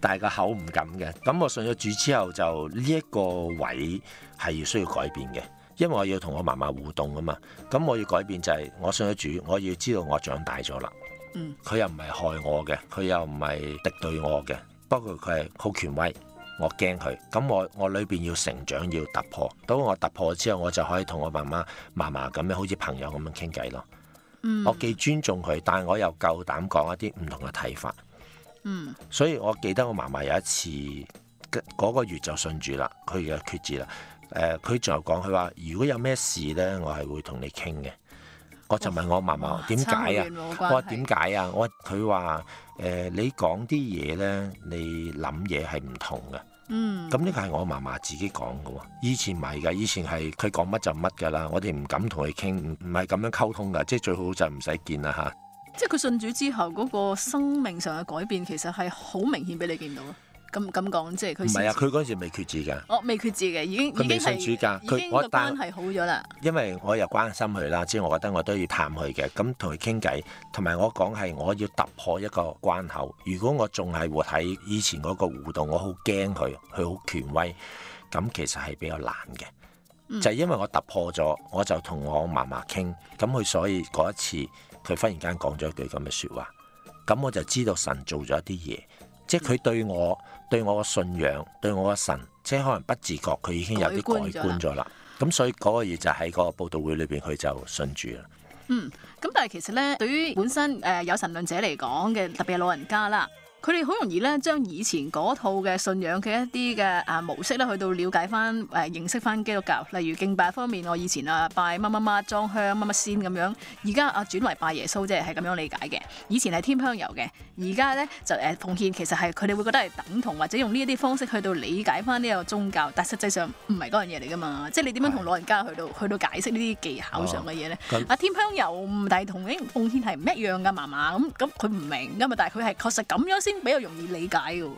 但係個口唔敢嘅。咁我信咗主之後，就呢一個位。係要需要改變嘅，因為我要同我媽媽互動啊嘛。咁我要改變就係我信咗主，我要知道我長大咗啦。嗯，佢又唔係害我嘅，佢又唔係敵對我嘅。不過佢係好權威，我驚佢。咁我我裏邊要成長，要突破。到我突破之後，我就可以同我媽媽媽媽咁樣好似朋友咁樣傾偈咯。嗯，我既尊重佢，但係我又夠膽講一啲唔同嘅睇法。嗯，所以我記得我媽媽有一次嗰個月就信主啦，佢嘅決志啦。誒佢仲有講，佢話如果有咩事咧，我係會同你傾嘅。我就問我嫲嫲點解啊？我話點解啊？我佢話誒你講啲嘢咧，你諗嘢係唔同嘅。嗯。咁呢個係我嫲嫲自己講嘅喎。以前唔係㗎，以前係佢講乜就乜㗎啦。我哋唔敢同佢傾，唔唔係咁樣溝通㗎。即係最好就唔使見啦嚇。即係佢信主之後嗰個生命上嘅改變，其實係好明顯俾你見到。咁咁講，即係佢唔係啊！佢嗰陣時未決志㗎，我未、哦、決志嘅，已經佢未信主經個關係好咗啦。因為我又關心佢啦，即係我覺得我都要探佢嘅，咁同佢傾偈，同埋我講係我要突破一個關口。如果我仲係活喺以前嗰個互動，我好驚佢，佢好權威，咁其實係比較難嘅。嗯、就因為我突破咗，我就同我嫲嫲傾，咁佢所以嗰一次，佢忽然間講咗一句咁嘅説話，咁我就知道神做咗一啲嘢，即係佢對我。嗯對我個信仰，對我個神，即係可能不自覺，佢已經有啲改觀咗啦。咁所以嗰個嘢就喺嗰個佈道會裏邊，佢就信主啦。嗯，咁但係其實咧，對於本身誒、呃、有神論者嚟講嘅，特別係老人家啦。佢哋好容易咧，將以前嗰套嘅信仰嘅一啲嘅啊模式咧，去到了解翻誒、呃、認識翻基督教，例如敬拜方面，我以前啊拜乜乜乜裝香乜乜仙咁樣，而家啊轉為拜耶穌即係咁樣理解嘅。以前係添香油嘅，而家咧就誒、呃、奉獻，其實係佢哋會覺得係等同或者用呢一啲方式去到理解翻呢個宗教，但實際上唔係嗰樣嘢嚟噶嘛。即係你點樣同老人家去到、啊、去到解釋呢啲技巧上嘅嘢咧？阿、啊、添香油唔係同奉獻係唔一樣噶嘛嘛，咁咁佢唔明噶嘛，但係佢係確實咁樣先。比較容易理解嘅，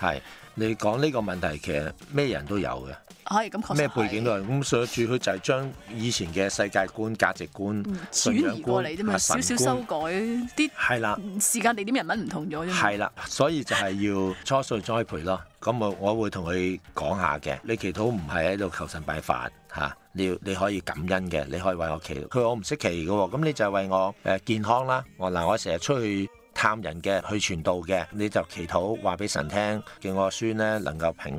係你講呢個問題，其實咩人都有嘅，係咁確實咩背景都有，咁所以佢就係將以前嘅世界觀、價值觀、轉移過嚟啫嘛，少少修改啲，係啦，時間、地點、人物唔同咗啫嘛，係啦，所以就係要初稅栽培咯。咁我我會同佢講下嘅，你祈禱唔係喺度求神拜佛吓，你要你可以感恩嘅，你可以為我祈禱，佢話我唔識祈嘅，咁你就為我誒健康啦。我嗱我成日出去。探人嘅，去傳道嘅，你就祈禱話俾神聽，叫我孫咧能夠平安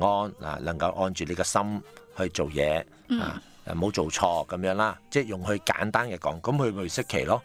嗱，能夠按住你嘅心去做嘢、嗯、啊，冇做錯咁樣啦。即係用佢簡單嘅講，咁佢咪識祈咯？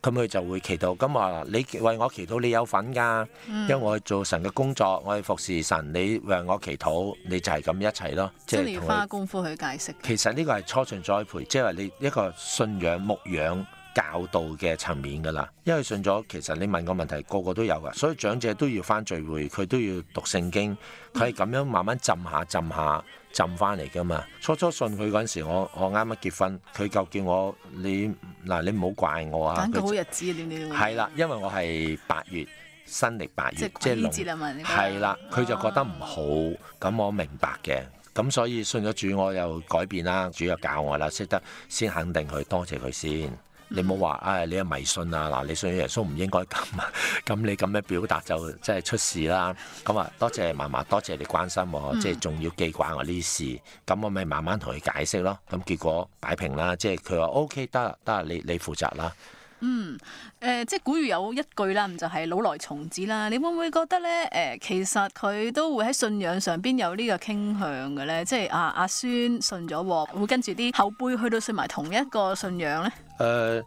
咁佢就會祈禱。咁話你為我祈禱，你有份㗎，嗯、因為我做神嘅工作，我係服侍神，你為我祈禱，你就係咁一齊咯。即係花功夫去解釋。其實呢個係初信栽培，即係話你一個信仰牧養。教導嘅層面㗎啦，因為信咗其實你問個問題，個個都有㗎，所以長者都要翻聚會，佢都要讀聖經，佢係咁樣慢慢浸下浸下浸翻嚟㗎嘛。初初信佢嗰陣時，我我啱啱結婚，佢就叫我你嗱你唔好怪我啊。揀個好日子點係啦，因為我係八月新曆八月，即係農曆。係啦，佢就覺得唔好咁，啊、我明白嘅咁，所以信咗主，我又改變啦。主又教我啦，識得先肯定佢，多謝佢先。你冇話啊！你有迷信啊！嗱，你信耶穌唔應該咁啊！咁你咁樣表達就即係出事啦。咁啊，多謝嫲嫲，多謝你關心我， 即係仲要記掛我呢事。咁我咪慢慢同佢解釋咯。咁結果擺平啦，即係佢話 OK 得啦，得啦，你你負責啦。嗯，誒、呃，即係古語有一句啦，就係、是、老來從子啦。你會唔會覺得呢？誒、呃，其實佢都會喺信仰上邊有呢個傾向嘅呢？即係啊，阿孫信咗，會跟住啲後輩去到信埋同一個信仰呢？誒、呃，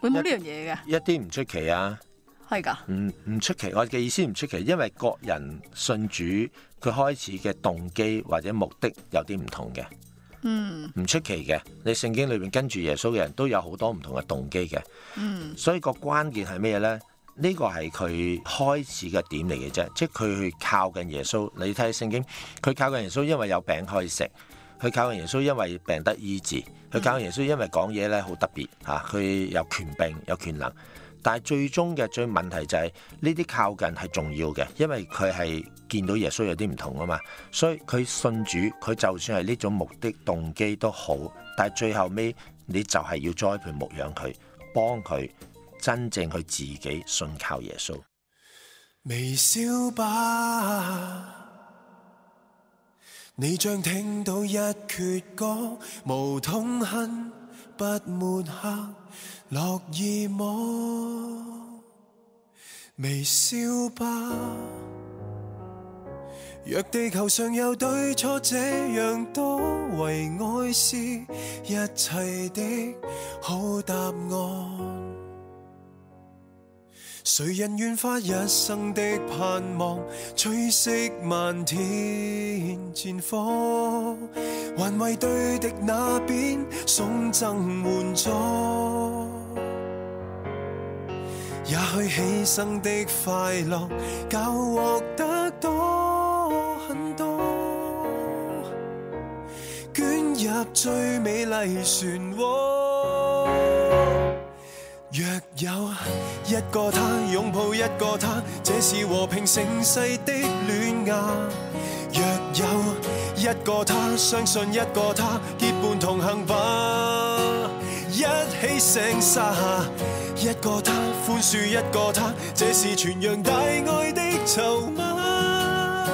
會冇呢樣嘢嘅？一啲唔出奇啊，係㗎的。唔唔出奇，我嘅意思唔出奇，因為各人信主，佢開始嘅動機或者目的有啲唔同嘅。嗯、唔出奇嘅，你聖經裏面跟住耶穌嘅人都有好多唔同嘅動機嘅，嗯、所以個關鍵係咩呢？呢、呢個係佢開始嘅點嚟嘅啫，即係佢去靠近耶穌。你睇下聖經，佢靠近耶穌，因為有餅可以食；佢靠近耶穌，因為病得醫治；佢靠近耶穌，因為講嘢呢好特別嚇，佢有權柄、有權能。但係最終嘅最問題就係呢啲靠近係重要嘅，因為佢係見到耶穌有啲唔同啊嘛，所以佢信主，佢就算係呢種目的動機都好，但係最後尾你就係要栽培牧養佢，幫佢真正去自己信靠耶穌。微笑吧，你將聽到一闋歌，無痛恨不滿客，不抹黑。樂意麼？微笑吧。若地球上有對錯這樣多，為愛是一切的好答案。誰人願花一生的盼望，吹熄漫天戰火，還為對敵那邊送贈援助？也許犧牲的快樂，較獲得多很多，捲入最美麗漩渦。若有一個他擁抱一個他，這是和平盛世的戀愛。若有一個他相信一個他，結伴同行吧，一起成沙下。一個他寬恕一個他，這是傳揚大愛的籌碼。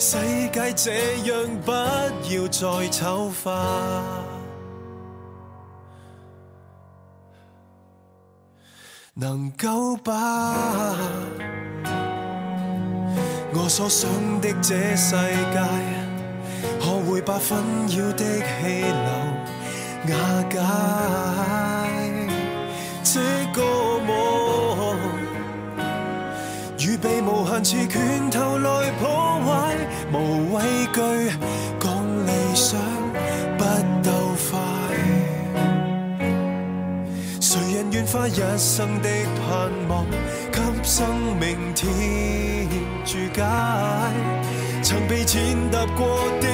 世界這樣不要再醜化。能夠把我所想的這世界，可會把紛擾的氣流瓦解？這個夢，預備無限次拳頭來破壞，無畏懼。花一生的盼望，給生命添注解。曾被踐踏過的，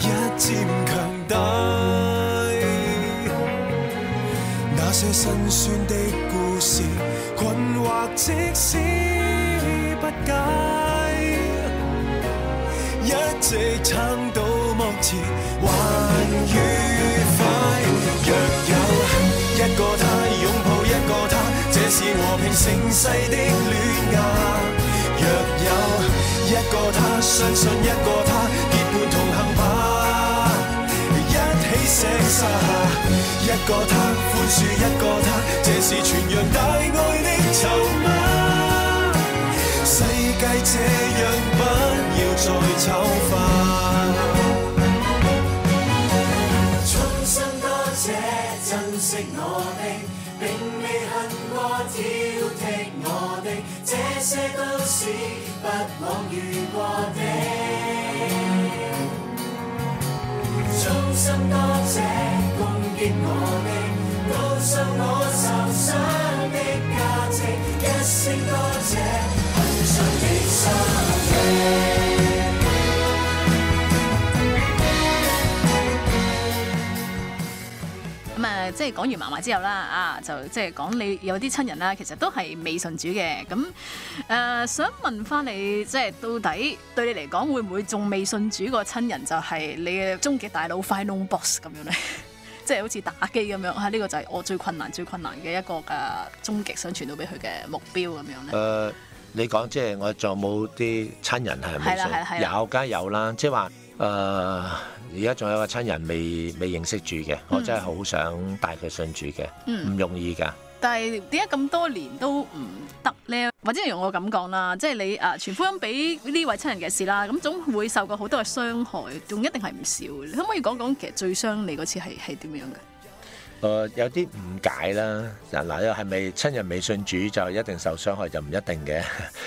一漸強大。那些辛酸的故事，困惑即使不解，一直撐到目前還愉快。若有是和平盛世的戀愛，若有一個他，相信一個他，結伴同行吧，一起寫下一個他寬恕一個他，這是全人大愛的籌碼。世界這樣不要再醜化。衷心多謝珍惜我的。並未恨過挑剔我的，這些都是不枉遇過的， 衷心多謝攻擊我的，告訴我受傷的價值，一聲多謝，恨盡於傷悲。 即係講完嫲嫲之後啦，啊，就即係講你有啲親人啦，其實都係未信主嘅。咁誒、呃，想問翻你，即係到底對你嚟講，會唔會仲未信主個親人就係你嘅終極大佬 Final Boss 咁樣咧？即 係好似打機咁樣吓，呢、啊這個就係我最困難、最困難嘅一個嘅終極想傳到俾佢嘅目標咁樣咧。誒、呃，你講即係我仲冇啲親人係未信，有，梗有啦，即係話。誒而家仲有個親人未未認識住嘅，嗯、我真係好想帶佢信住嘅，唔容易噶、嗯。但係點解咁多年都唔得咧？或者用我咁講啦，即、就、係、是、你誒、啊、傳福音俾呢位親人嘅事啦，咁總會受過好多嘅傷害，仲一定係唔少。你可唔可以講講其實最傷你嗰次係係點樣嘅？誒、呃、有啲誤解啦，嗱嗱又係咪親人未信主就一定受傷害就唔一定嘅。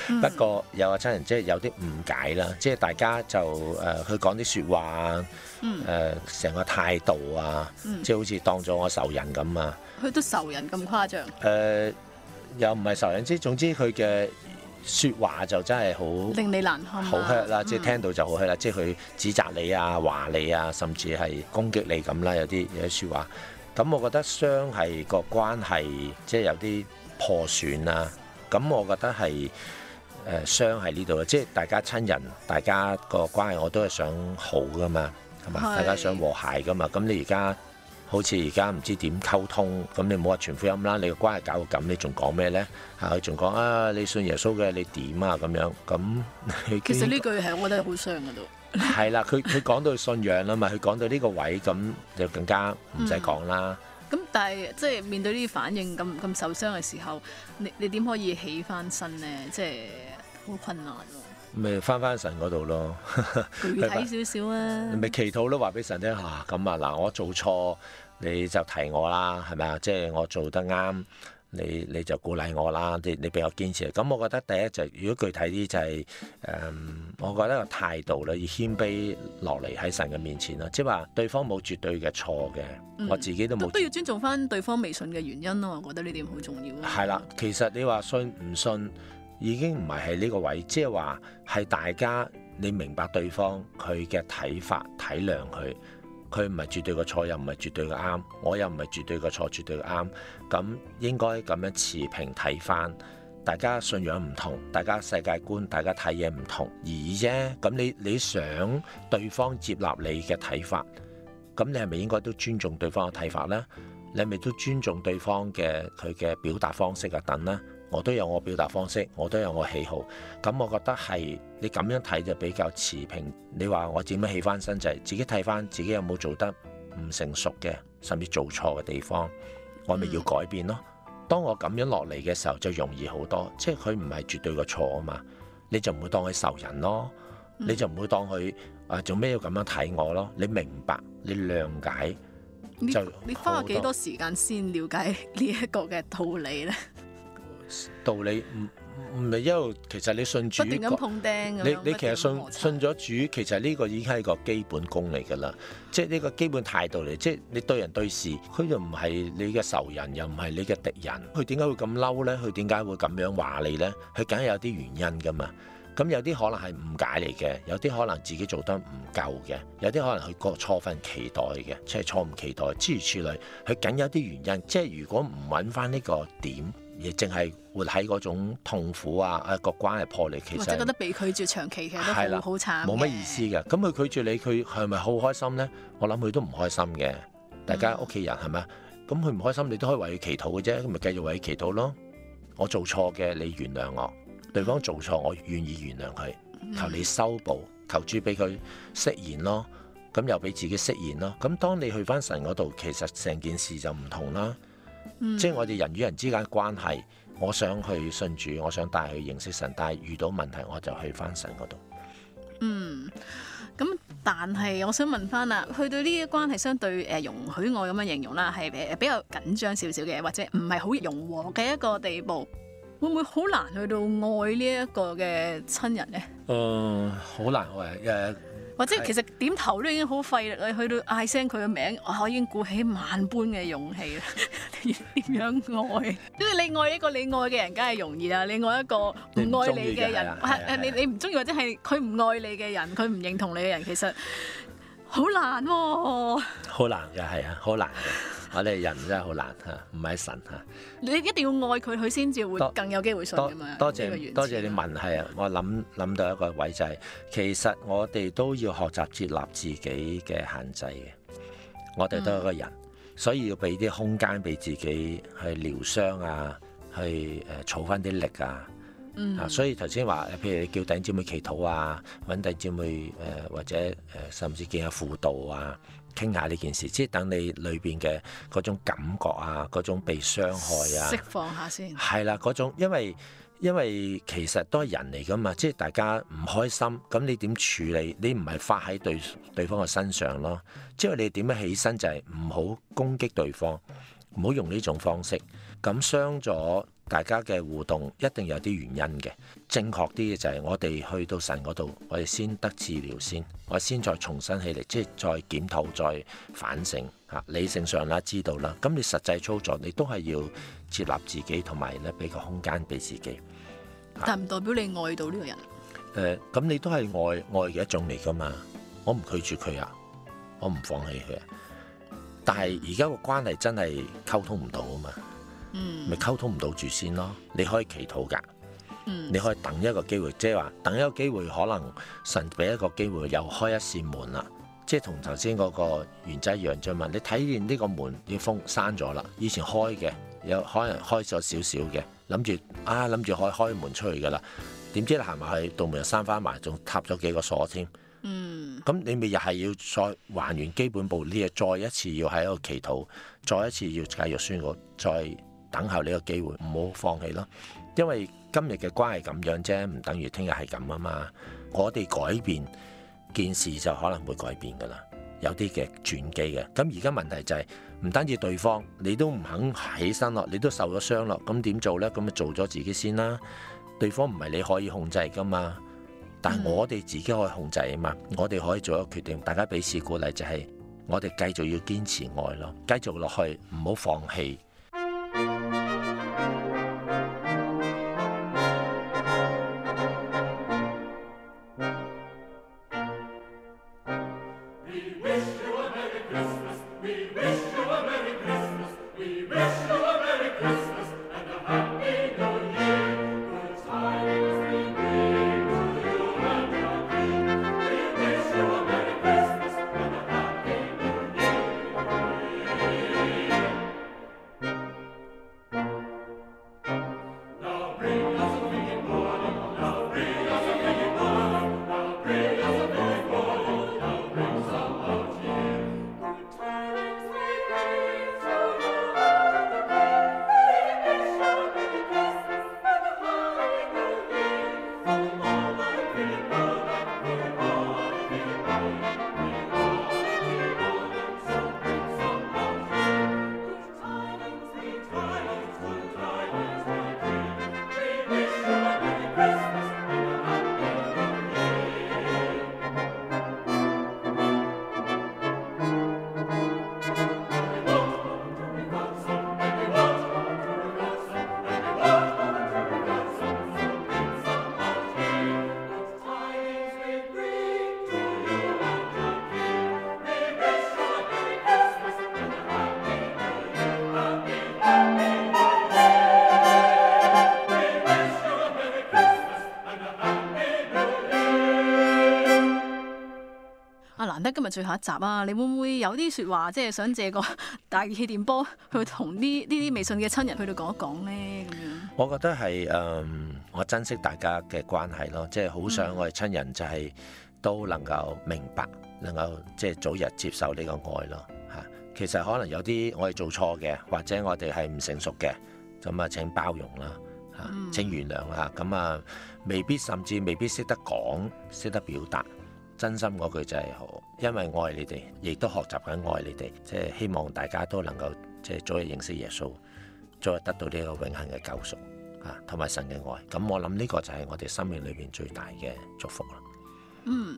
不過又話親人即係有啲誤解啦，即係大家就誒去講啲説話啊，誒、呃、成個態度啊，嗯、即係好似當咗我仇人咁啊。佢都仇人咁誇張誒，又唔係仇人之。總之佢嘅説話就真係好令你難堪，啊，好 hurt 啦，即係聽到就好 hurt 啦，嗯、即係佢指責你啊、話你啊，甚至係攻擊你咁、啊、啦。有啲有啲説話。咁我覺得傷係個關係，即係有啲破損啦、啊。咁我覺得係誒、呃、傷喺呢度咯。即係大家親人，大家個關係我都係想好噶嘛，係嘛？是大家想和諧噶嘛。咁你而家好似而家唔知點溝通，咁你冇話傳福音啦，你個關係搞到咁，你仲講咩咧？嚇佢仲講啊，你信耶穌嘅，你點啊咁樣？咁其實呢句係我覺得係好傷噶都。係啦，佢佢講到信仰啦嘛，佢講到呢個位咁就更加唔使講啦。咁、嗯嗯、但係即係面對呢啲反應咁咁受傷嘅時候，你你點可以起翻身咧？即係好困難喎、啊。咪翻翻神嗰度咯，具體少少 啊。咪祈禱都話俾神聽嚇。咁啊嗱，我做錯，你就提我啦，係咪啊？即係我做得啱。你你就鼓勵我啦，你你比較堅持。咁、嗯、我覺得第一就係，如果具體啲就係、是，誒、嗯，我覺得個態度咧要謙卑落嚟喺神嘅面前啦，即係話對方冇絕對嘅錯嘅，嗯、我自己都冇。都要尊重翻對方未信嘅原因咯，我覺得呢點好重要。係啦，其實你話信唔信已經唔係係呢個位，即係話係大家你明白對方佢嘅睇法，體諒佢。佢唔係絕對個錯，又唔係絕對個啱，我又唔係絕對個錯，絕對個啱。咁應該咁樣持平睇翻，大家信仰唔同，大家世界觀，大家睇嘢唔同而已啫。咁你你想對方接納你嘅睇法，咁你係咪應該都尊重對方嘅睇法呢？你係咪都尊重對方嘅佢嘅表達方式啊？等咧？我都有我表達方式，我都有我喜好，咁我覺得係你咁樣睇就比較持平。你話我點樣起翻身就係自己睇翻、就是、自,自己有冇做得唔成熟嘅，甚至做錯嘅地方，我咪要改變咯。嗯、當我咁樣落嚟嘅時候就容易好多，即係佢唔係絕對個錯啊嘛，你就唔會當佢仇人咯，嗯、你就唔會當佢啊做咩要咁樣睇我咯。你明白，你諒解就你,你花咗幾多時間先了解呢一個嘅道理呢？道理唔唔係一路，其實你信主，碰釘你你其實信信咗主，其實呢個已經係個基本功嚟噶啦，即係呢個基本態度嚟，即係你對人對事，佢就唔係你嘅仇人，又唔係你嘅敵人。佢點解會咁嬲咧？佢點解會咁樣話你咧？佢梗係有啲原因噶嘛。咁有啲可能係誤解嚟嘅，有啲可能自己做得唔夠嘅，有啲可能佢個初份期待嘅，即係錯誤期待，諸如此類，佢梗有啲原因。即係如果唔揾翻呢個點。亦淨係活喺嗰種痛苦啊！誒，個關係破裂，其實或者覺得被拒絕長期，其實都係好慘，冇乜的意思嘅。咁佢拒絕你，佢係咪好開心咧？我諗佢都唔開心嘅。大家屋企人係咪啊？咁佢唔開心，你都可以為佢祈禱嘅啫，咪繼續為佢祈禱咯。我做錯嘅，你原諒我；對方做錯，我願意原諒佢。求你修補，求主俾佢釋言咯。咁又俾自己釋言咯。咁當你去翻神嗰度，其實成件事就唔同啦。即係我哋人與人之間關係，我想去信主，我想帶去認識神，但係遇到問題我就去翻神嗰度。嗯，咁但係我想問翻啦，去到呢個關係相對誒容許我咁樣形容啦，係比較緊張少少嘅，或者唔係好融和嘅一個地步，會唔會好難去到愛呢一個嘅親人呢？誒、嗯，好難愛或者其實點頭都已經好費力，你去到嗌聲佢嘅名，我已經鼓起萬般嘅勇氣啦。你要點 樣愛？因為你愛一，這個你愛嘅人，梗係容易啦。你愛一個唔愛你嘅人，你，啊啊啊，你唔中意，或者係佢唔愛你嘅人，佢唔認同你嘅人，其實好難喎，哦。好難㗎，係啊，好難嘅。 我哋人真係好難嚇，唔係神嚇。你一定要愛佢，佢先至會更有機會信多。多謝多謝你問，係啊，我諗諗到一個位就係、是，其實我哋都要學習接納自己嘅限制嘅。我哋都係個人，嗯、所以要俾啲空間俾自己去療傷啊，去誒儲返啲力啊。嗯哼。所以頭先話，譬如你叫弟兄姊妹祈禱啊，揾弟兄姊妹誒或者誒，甚至見下輔導啊。傾下呢件事，即係等你裏邊嘅嗰種感覺啊，嗰種被傷害啊，釋放下先。係啦，嗰種因為因為其實都係人嚟㗎嘛，即係大家唔開心，咁你點處理？你唔係發喺對對方嘅身上咯，即係你點樣起身就係唔好攻擊對方，唔好用呢種方式，咁傷咗。大家嘅互動一定有啲原因嘅，正確啲嘅就係我哋去到神嗰度，我哋先得治療先，我先再重新起嚟，即係再檢討、再反省吓。理性上啦，知道啦，咁你實際操作你都係要設立自己同埋咧，俾個空間俾自己。但唔代表你愛到呢個人。誒、呃，咁你都係愛愛嘅一種嚟㗎嘛？我唔拒絕佢啊，我唔放棄佢啊，但係而家個關係真係溝通唔到啊嘛～咪、嗯、溝通唔到住先咯，你可以祈禱㗎，嗯、你可以等一個機會，即係話等一個機會，可能神俾一個機會又開一扇門啦，即係同頭先嗰個原則一樣啫嘛。你睇見呢個門要封閂咗啦，以前開嘅，有可能開咗少少嘅，諗住啊諗住可以開，開門出去㗎啦，點知你行埋去道門又閂翻埋，仲插咗幾個鎖添。嗯，咁你咪又係要再還原基本步，呢日再一次要喺度祈禱，再一次要繼續宣講，再。等候你個機會，唔好放棄咯。因為今日嘅關係咁樣啫，唔等於聽日係咁啊嘛。我哋改變件事就可能會改變噶啦，有啲嘅轉機嘅。咁而家問題就係、是、唔單止對方，你都唔肯起身咯，你都受咗傷咯。咁點做呢？咁啊做咗自己先啦。對方唔係你可以控制噶嘛，但係我哋自己可以控制啊嘛。我哋可以做一個決定，大家彼此鼓勵、就是，就係我哋繼續要堅持愛咯，繼續落去，唔好放棄。咪最後一集啊！你會唔會有啲説話，即係想借個大氣電波去同呢呢啲未信嘅親人去度講一講呢？咁樣我覺得係誒、嗯，我珍惜大家嘅關係咯，即係好想我哋親人就係都能夠明白，嗯、能夠即係早日接受呢個愛咯嚇。其實可能有啲我哋做錯嘅，或者我哋係唔成熟嘅，咁啊請包容啦嚇，嗯、請原諒啊咁啊，未必甚至未必識得講，識得表達真心嗰句就係好。因為愛你哋，亦都學習緊愛你哋，即係希望大家都能夠即係早日認識耶穌，早日得到呢個永恆嘅救贖啊，同埋神嘅愛。咁、嗯、我諗呢個就係我哋生命裏邊最大嘅祝福啦。嗯，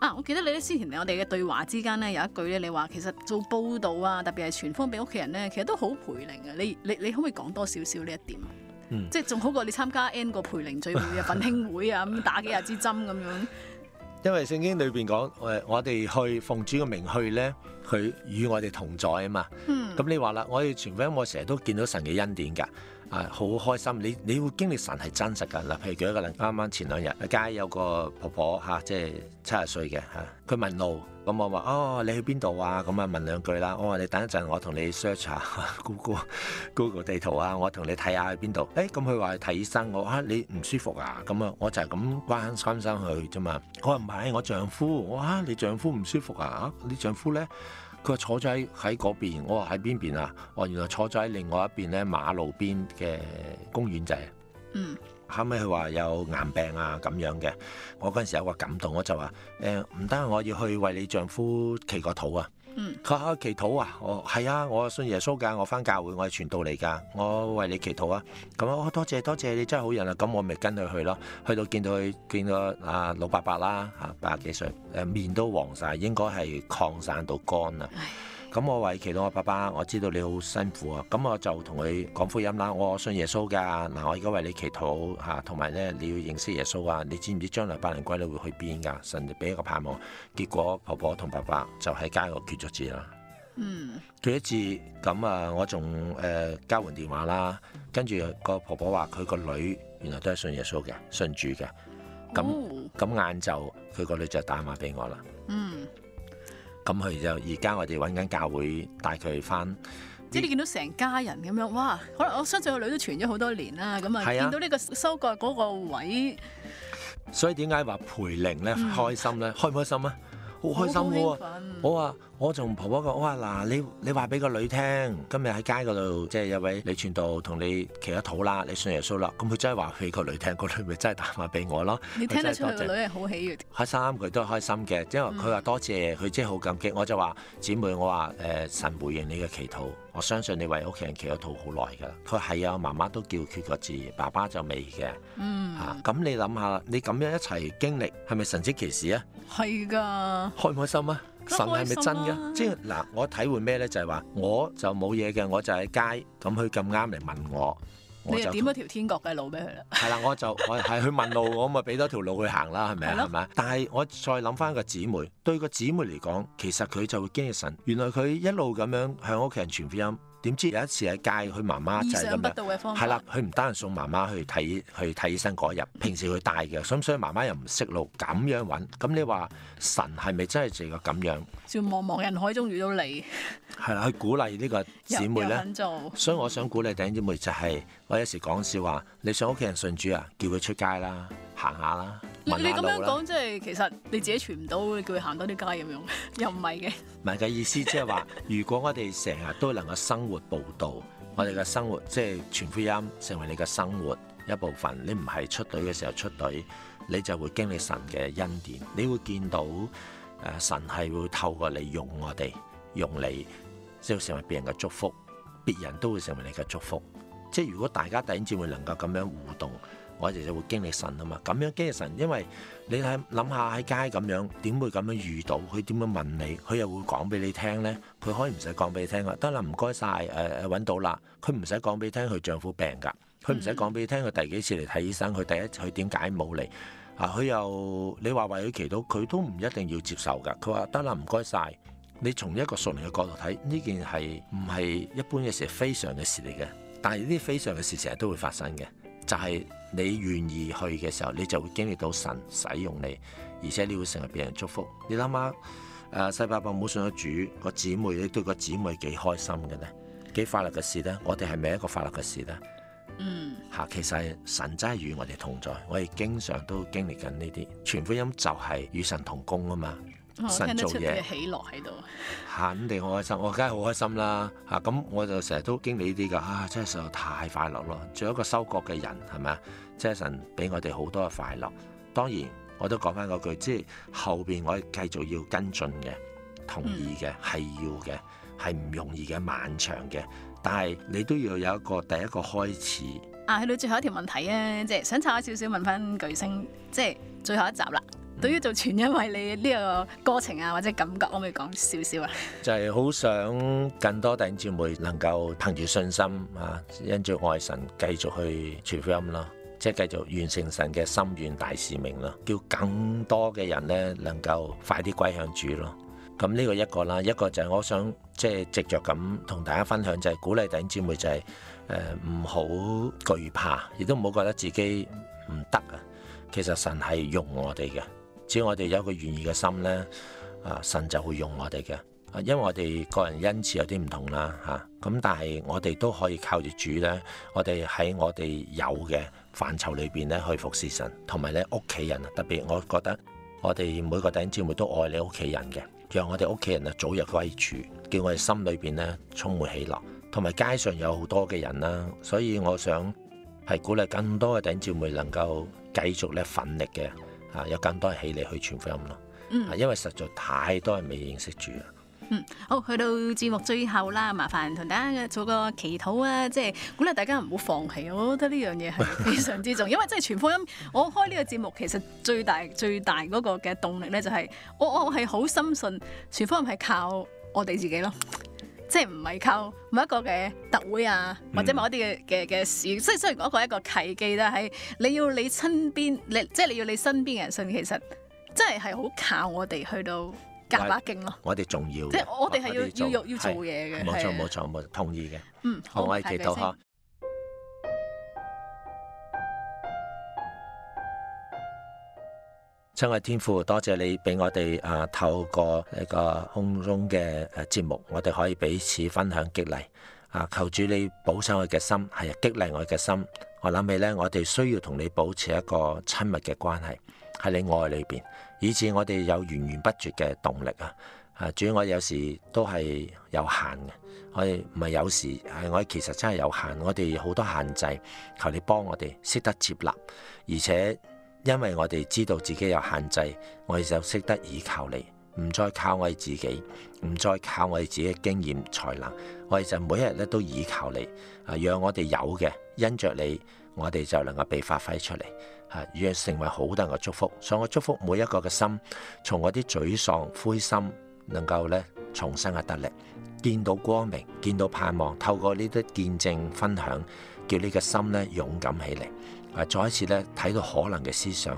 啊，我記得你之前我哋嘅對話之間咧，有一句咧，你話其實做報道啊，特別係傳福音俾屋企人呢，其實都好培靈啊。」你你，你可唔可以講多，多少少呢一點、嗯、即係仲好過你參加 N 個培靈聚會啊、奮興會啊咁打幾日支針咁樣。因為聖經裏邊講誒，我哋去奉主嘅名去咧，佢與我哋同在啊嘛。咁、嗯、你話啦，我哋全福音，我成日都見到神嘅恩典㗎，啊，好開心。你你會經歷神係真實㗎嗱、啊，譬如舉一個例，啱啱前兩日街有個婆婆嚇、啊，即係。七十歲嘅嚇，佢問路，咁我話哦，你去邊度啊？咁啊問兩句啦，我話你等一陣，我同你 search 下哈哈 Google Google 地圖啊，我同你睇下去邊度。誒、欸，咁佢話睇醫生，我話你唔舒服啊？咁啊，我就係咁關關心佢啫嘛。我話唔係，我丈夫，我話你丈夫唔舒服啊？你丈夫咧，佢話坐咗喺喺嗰邊，我話喺邊邊啊？我原來坐咗喺另外一邊咧馬路邊嘅公園仔。嗯，後尾佢話有癌病啊咁樣嘅，我嗰陣時有個感動，我就話，誒唔得，我要去為你丈夫祈個禱啊。嗯，佢話祈禱啊？我係啊，我信耶穌噶，我翻教會，我係傳道嚟噶，我為你祈禱啊。咁啊，多謝多謝，你真係好人啊。咁我咪跟佢去咯，去到見到佢見到啊老伯伯啦，吓，八十幾歲，誒面都黃晒，應該係擴散到肝啊。咁我為祈禱我爸爸，我知道你好辛苦啊，咁我就同佢講福音啦。我信耶穌㗎，嗱，我而家為你祈禱嚇，同埋咧你要認識耶穌啊！你知唔知將來百年歸你會去邊㗎？神就俾一個盼望。結果婆婆同爸爸就喺街度決咗志啦。嗯。決咗志咁啊，我仲誒交換電話啦。跟住個婆婆話佢個女原來都係信耶穌嘅，信主嘅。哦。咁晏晝佢個女就打電話俾我啦。嗯。咁佢就而家我哋揾緊教會帶佢返，即係你見到成家人咁樣，哇！可能我相信個女都存咗好多年啦，咁啊見到呢個收割嗰個位，所以點解話培靈咧開心咧？ 開唔開心，開心啊？好開心喎！好啊。我同婆婆講：哇、啊、嗱，你你話俾個女聽，今日喺街嗰度，即係有位李傳道同你祈咗禱啦，你信耶穌啦。咁佢真係話俾個女聽，個女咪、那個、真係打翻俾我咯。你聽得，聽得出個女係好喜悅嘅。開心，佢都開心嘅，即係佢話多謝，佢真係好感激。嗯、我就話姊妹，我話誒神回應你嘅祈禱，我相信你為屋企人祈咗禱好耐噶。佢係啊，媽媽都叫缺個字，爸爸就未嘅。咁、嗯啊、你諗下，你咁樣一齊經歷，係咪神蹟奇事啊？係噶的。開唔開心啊？神係咪真嘅？啊、即係嗱，我體會咩咧？就係、係、話，我就冇嘢嘅，我就喺街咁，佢咁啱嚟問我，我就你點咗條天國嘅路俾佢啦。係 啦，我就我係去問路，我咪俾多條路去行啦，係咪啊？係咪的？但係我再諗翻個姊妹，對個姊妹嚟講，其實佢就會經歷神。原來佢一路咁樣向屋企人傳福音。點知有一次喺街，佢媽媽就係咁樣，係啦，佢唔單止送媽媽去睇去睇醫生嗰日，平時佢帶嘅，咁所以媽媽又唔識路，咁樣揾，咁你話神係咪真係做個咁樣？在茫茫人海中遇到你，係 啦，去鼓勵呢個姊妹咧，又又所以我想鼓勵第一啲姊妹就係、是，我有時講笑話，你想屋企人信主啊，叫佢出街啦。行下啦，下你咁樣講，即係其實你自己傳唔到，叫佢行多啲街咁樣，又唔係嘅。唔係嘅意思，即係話，如果我哋成日都能夠生活佈道，我哋嘅生活即係傳福音，成為你嘅生活一部分。你唔係出隊嘅時候出隊，你就會經歷神嘅恩典，你會見到誒神係會透過你用我哋，用你，即係成為別人嘅祝福，別人都會成為你嘅祝福。即係如果大家突然之會能夠咁樣互動。我其實就會經歷神啊嘛，咁樣經歷神，因為你睇諗下喺街咁樣點會咁樣遇到佢點樣問你，佢又會講俾你聽咧，佢可以唔使講俾你聽啊，得啦唔該晒，誒誒揾到啦，佢唔使講俾你聽佢丈夫病噶，佢唔使講俾你聽佢第幾次嚟睇醫生，佢第一佢點解冇嚟啊？佢又你話為佢祈禱，佢都唔一定要接受噶。佢話得啦唔該晒。你從一個屬靈嘅角度睇呢件係唔係一般嘅事，係非常嘅事嚟嘅，但係呢啲非常嘅事成日都會發生嘅。就係你願意去嘅時候，你就會經歷到神使用你，而且你會成日俾人祝福。你諗下，誒、啊、細伯伯冇信咗主，個姊妹你對個姊妹幾開心嘅呢？幾快樂嘅事呢？我哋係咪一個快樂嘅事呢？嗯，嚇、啊，其實神真係與我哋同在，我哋經常都經歷緊呢啲。全福音就係與神同工啊嘛。哦、神做嘢嘅喜樂喺度，肯定好開心，我梗係好開心啦！啊，咁我就成日都經歷呢啲噶，啊，真係實在太快樂咯！做一個收割嘅人係咪啊？Jason 俾我哋好多嘅快樂，當然我都講翻嗰句，即係後邊我哋繼續要跟進嘅，同意嘅係、嗯、要嘅，係唔容易嘅，漫長嘅，但係你都要有一個第一個開始。啊，去到最後一條問題啊，即、就、係、是、想插少少問翻巨星，即、就、係、是、最後一集啦。所以就全因為你呢個過程啊，或者感覺，可唔可以講少少啊？就係、是、好想更多弟兄姐妹能夠憑住信心啊，因住愛神繼續去傳福音、啊、即係繼續完成神嘅心願大使命咯，叫更多嘅人呢能夠快啲歸向主咯。咁、啊、呢、這個一個啦，一個就係我想即係藉著咁同大家分享就係、是、鼓勵弟兄姐妹就係、是、唔、呃、好懼怕，亦都唔好覺得自己唔得啊。其實神係用我哋嘅。只要我哋有個願意嘅心呢，啊神就會用我哋嘅。因為我哋個人恩賜有啲唔同啦，嚇、啊。咁但係我哋都可以靠住主呢，我哋喺我哋有嘅範疇裏邊呢去服侍神，同埋咧屋企人。特別我覺得我哋每個頂尖姊妹都愛你屋企人嘅，讓我哋屋企人啊早日歸主，叫我哋心裏邊呢充滿喜樂。同埋街上有好多嘅人啦，所以我想係鼓勵更多嘅頂尖姊妹能夠繼續咧奮力嘅。啊！有更多人起嚟去傳福音咯，嗯、因為實在太多人未認識主。啊。嗯，好，去到節目最後啦，麻煩同大家做個祈禱啊！即、就、係、是、鼓勵大家唔好放棄我，我覺得呢樣嘢係非常之重， 因為即係傳福音。我開呢個節目其實最大最大嗰個嘅動力咧、就是，就係我我係好深信傳福音係靠我哋自己咯。即係唔係靠某一個嘅特會啊，或者某一啲嘅嘅嘅事，雖雖然嗰個係一個契機啦，喺你要你身邊，你即係你要你身邊嘅人信，其實真係係好靠我哋去到夾把勁咯。我哋重要，即係我哋係要要要做嘢嘅。冇錯冇錯，冇同意嘅。嗯，好，祈禱先。親愛天父，多謝你俾我哋啊，透過呢個空中嘅，誒節目，我哋可以彼此分享激勵啊！求主你保守我嘅心，係激勵我嘅心。我諗起咧，我哋需要同你保持一個親密嘅關係，喺你愛裏邊，以至我哋有源源不絕嘅動力啊！啊，主，我有時都係有限嘅，我唔係有時，係我其實真係有限，我哋好多限制。求你幫我哋識得接納，而且。因為我哋知道自己有限制，我哋就識得倚靠你，唔再靠我哋自己，唔再靠我哋自己嘅經驗才能，我哋就每日咧都倚靠你，啊，讓我哋有嘅因着你，我哋就能夠被發揮出嚟，啊，若成為好多人嘅祝福，所以我祝福每一個嘅心，從我啲沮喪灰心，能夠咧重新嘅得力，見到光明，見到盼望，透過呢啲見證分享，叫呢個心咧勇敢起嚟。再一次咧，睇到可能嘅思想，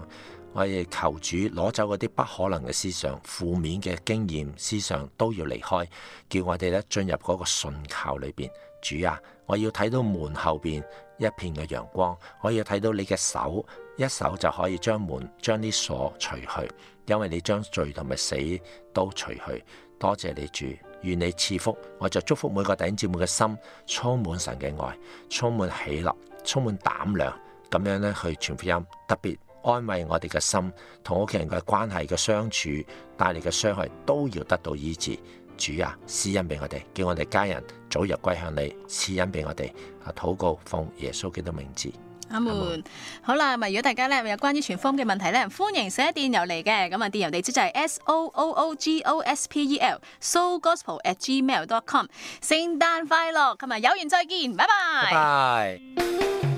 我哋求主攞走嗰啲不可能嘅思想，負面嘅經驗思想都要離開，叫我哋咧進入嗰個信靠裏邊。主啊，我要睇到門後邊一片嘅陽光，我要睇到你嘅手，一手就可以將門將啲鎖除去，因為你將罪同埋死都除去。多謝你主，願你賜福，我就祝福每個弟兄姊妹嘅心充滿神嘅愛，充滿喜樂，充滿膽量。咁樣咧去傳福音，特別安慰我哋嘅心，同屋企人嘅關係嘅相處帶嚟嘅傷害都要得到醫治。主啊，施恩俾我哋，叫我哋家人早日歸向你，施恩俾我哋啊，禱告奉耶穌基督名字。阿門。好啦，咁啊，如果大家咧有關於傳福音嘅問題咧，歡迎寫電郵嚟嘅。咁啊，電郵地址就係 s o o o g o s p e l so gospel at gmail dot com。聖誕快樂，同埋有緣再見，拜拜。拜。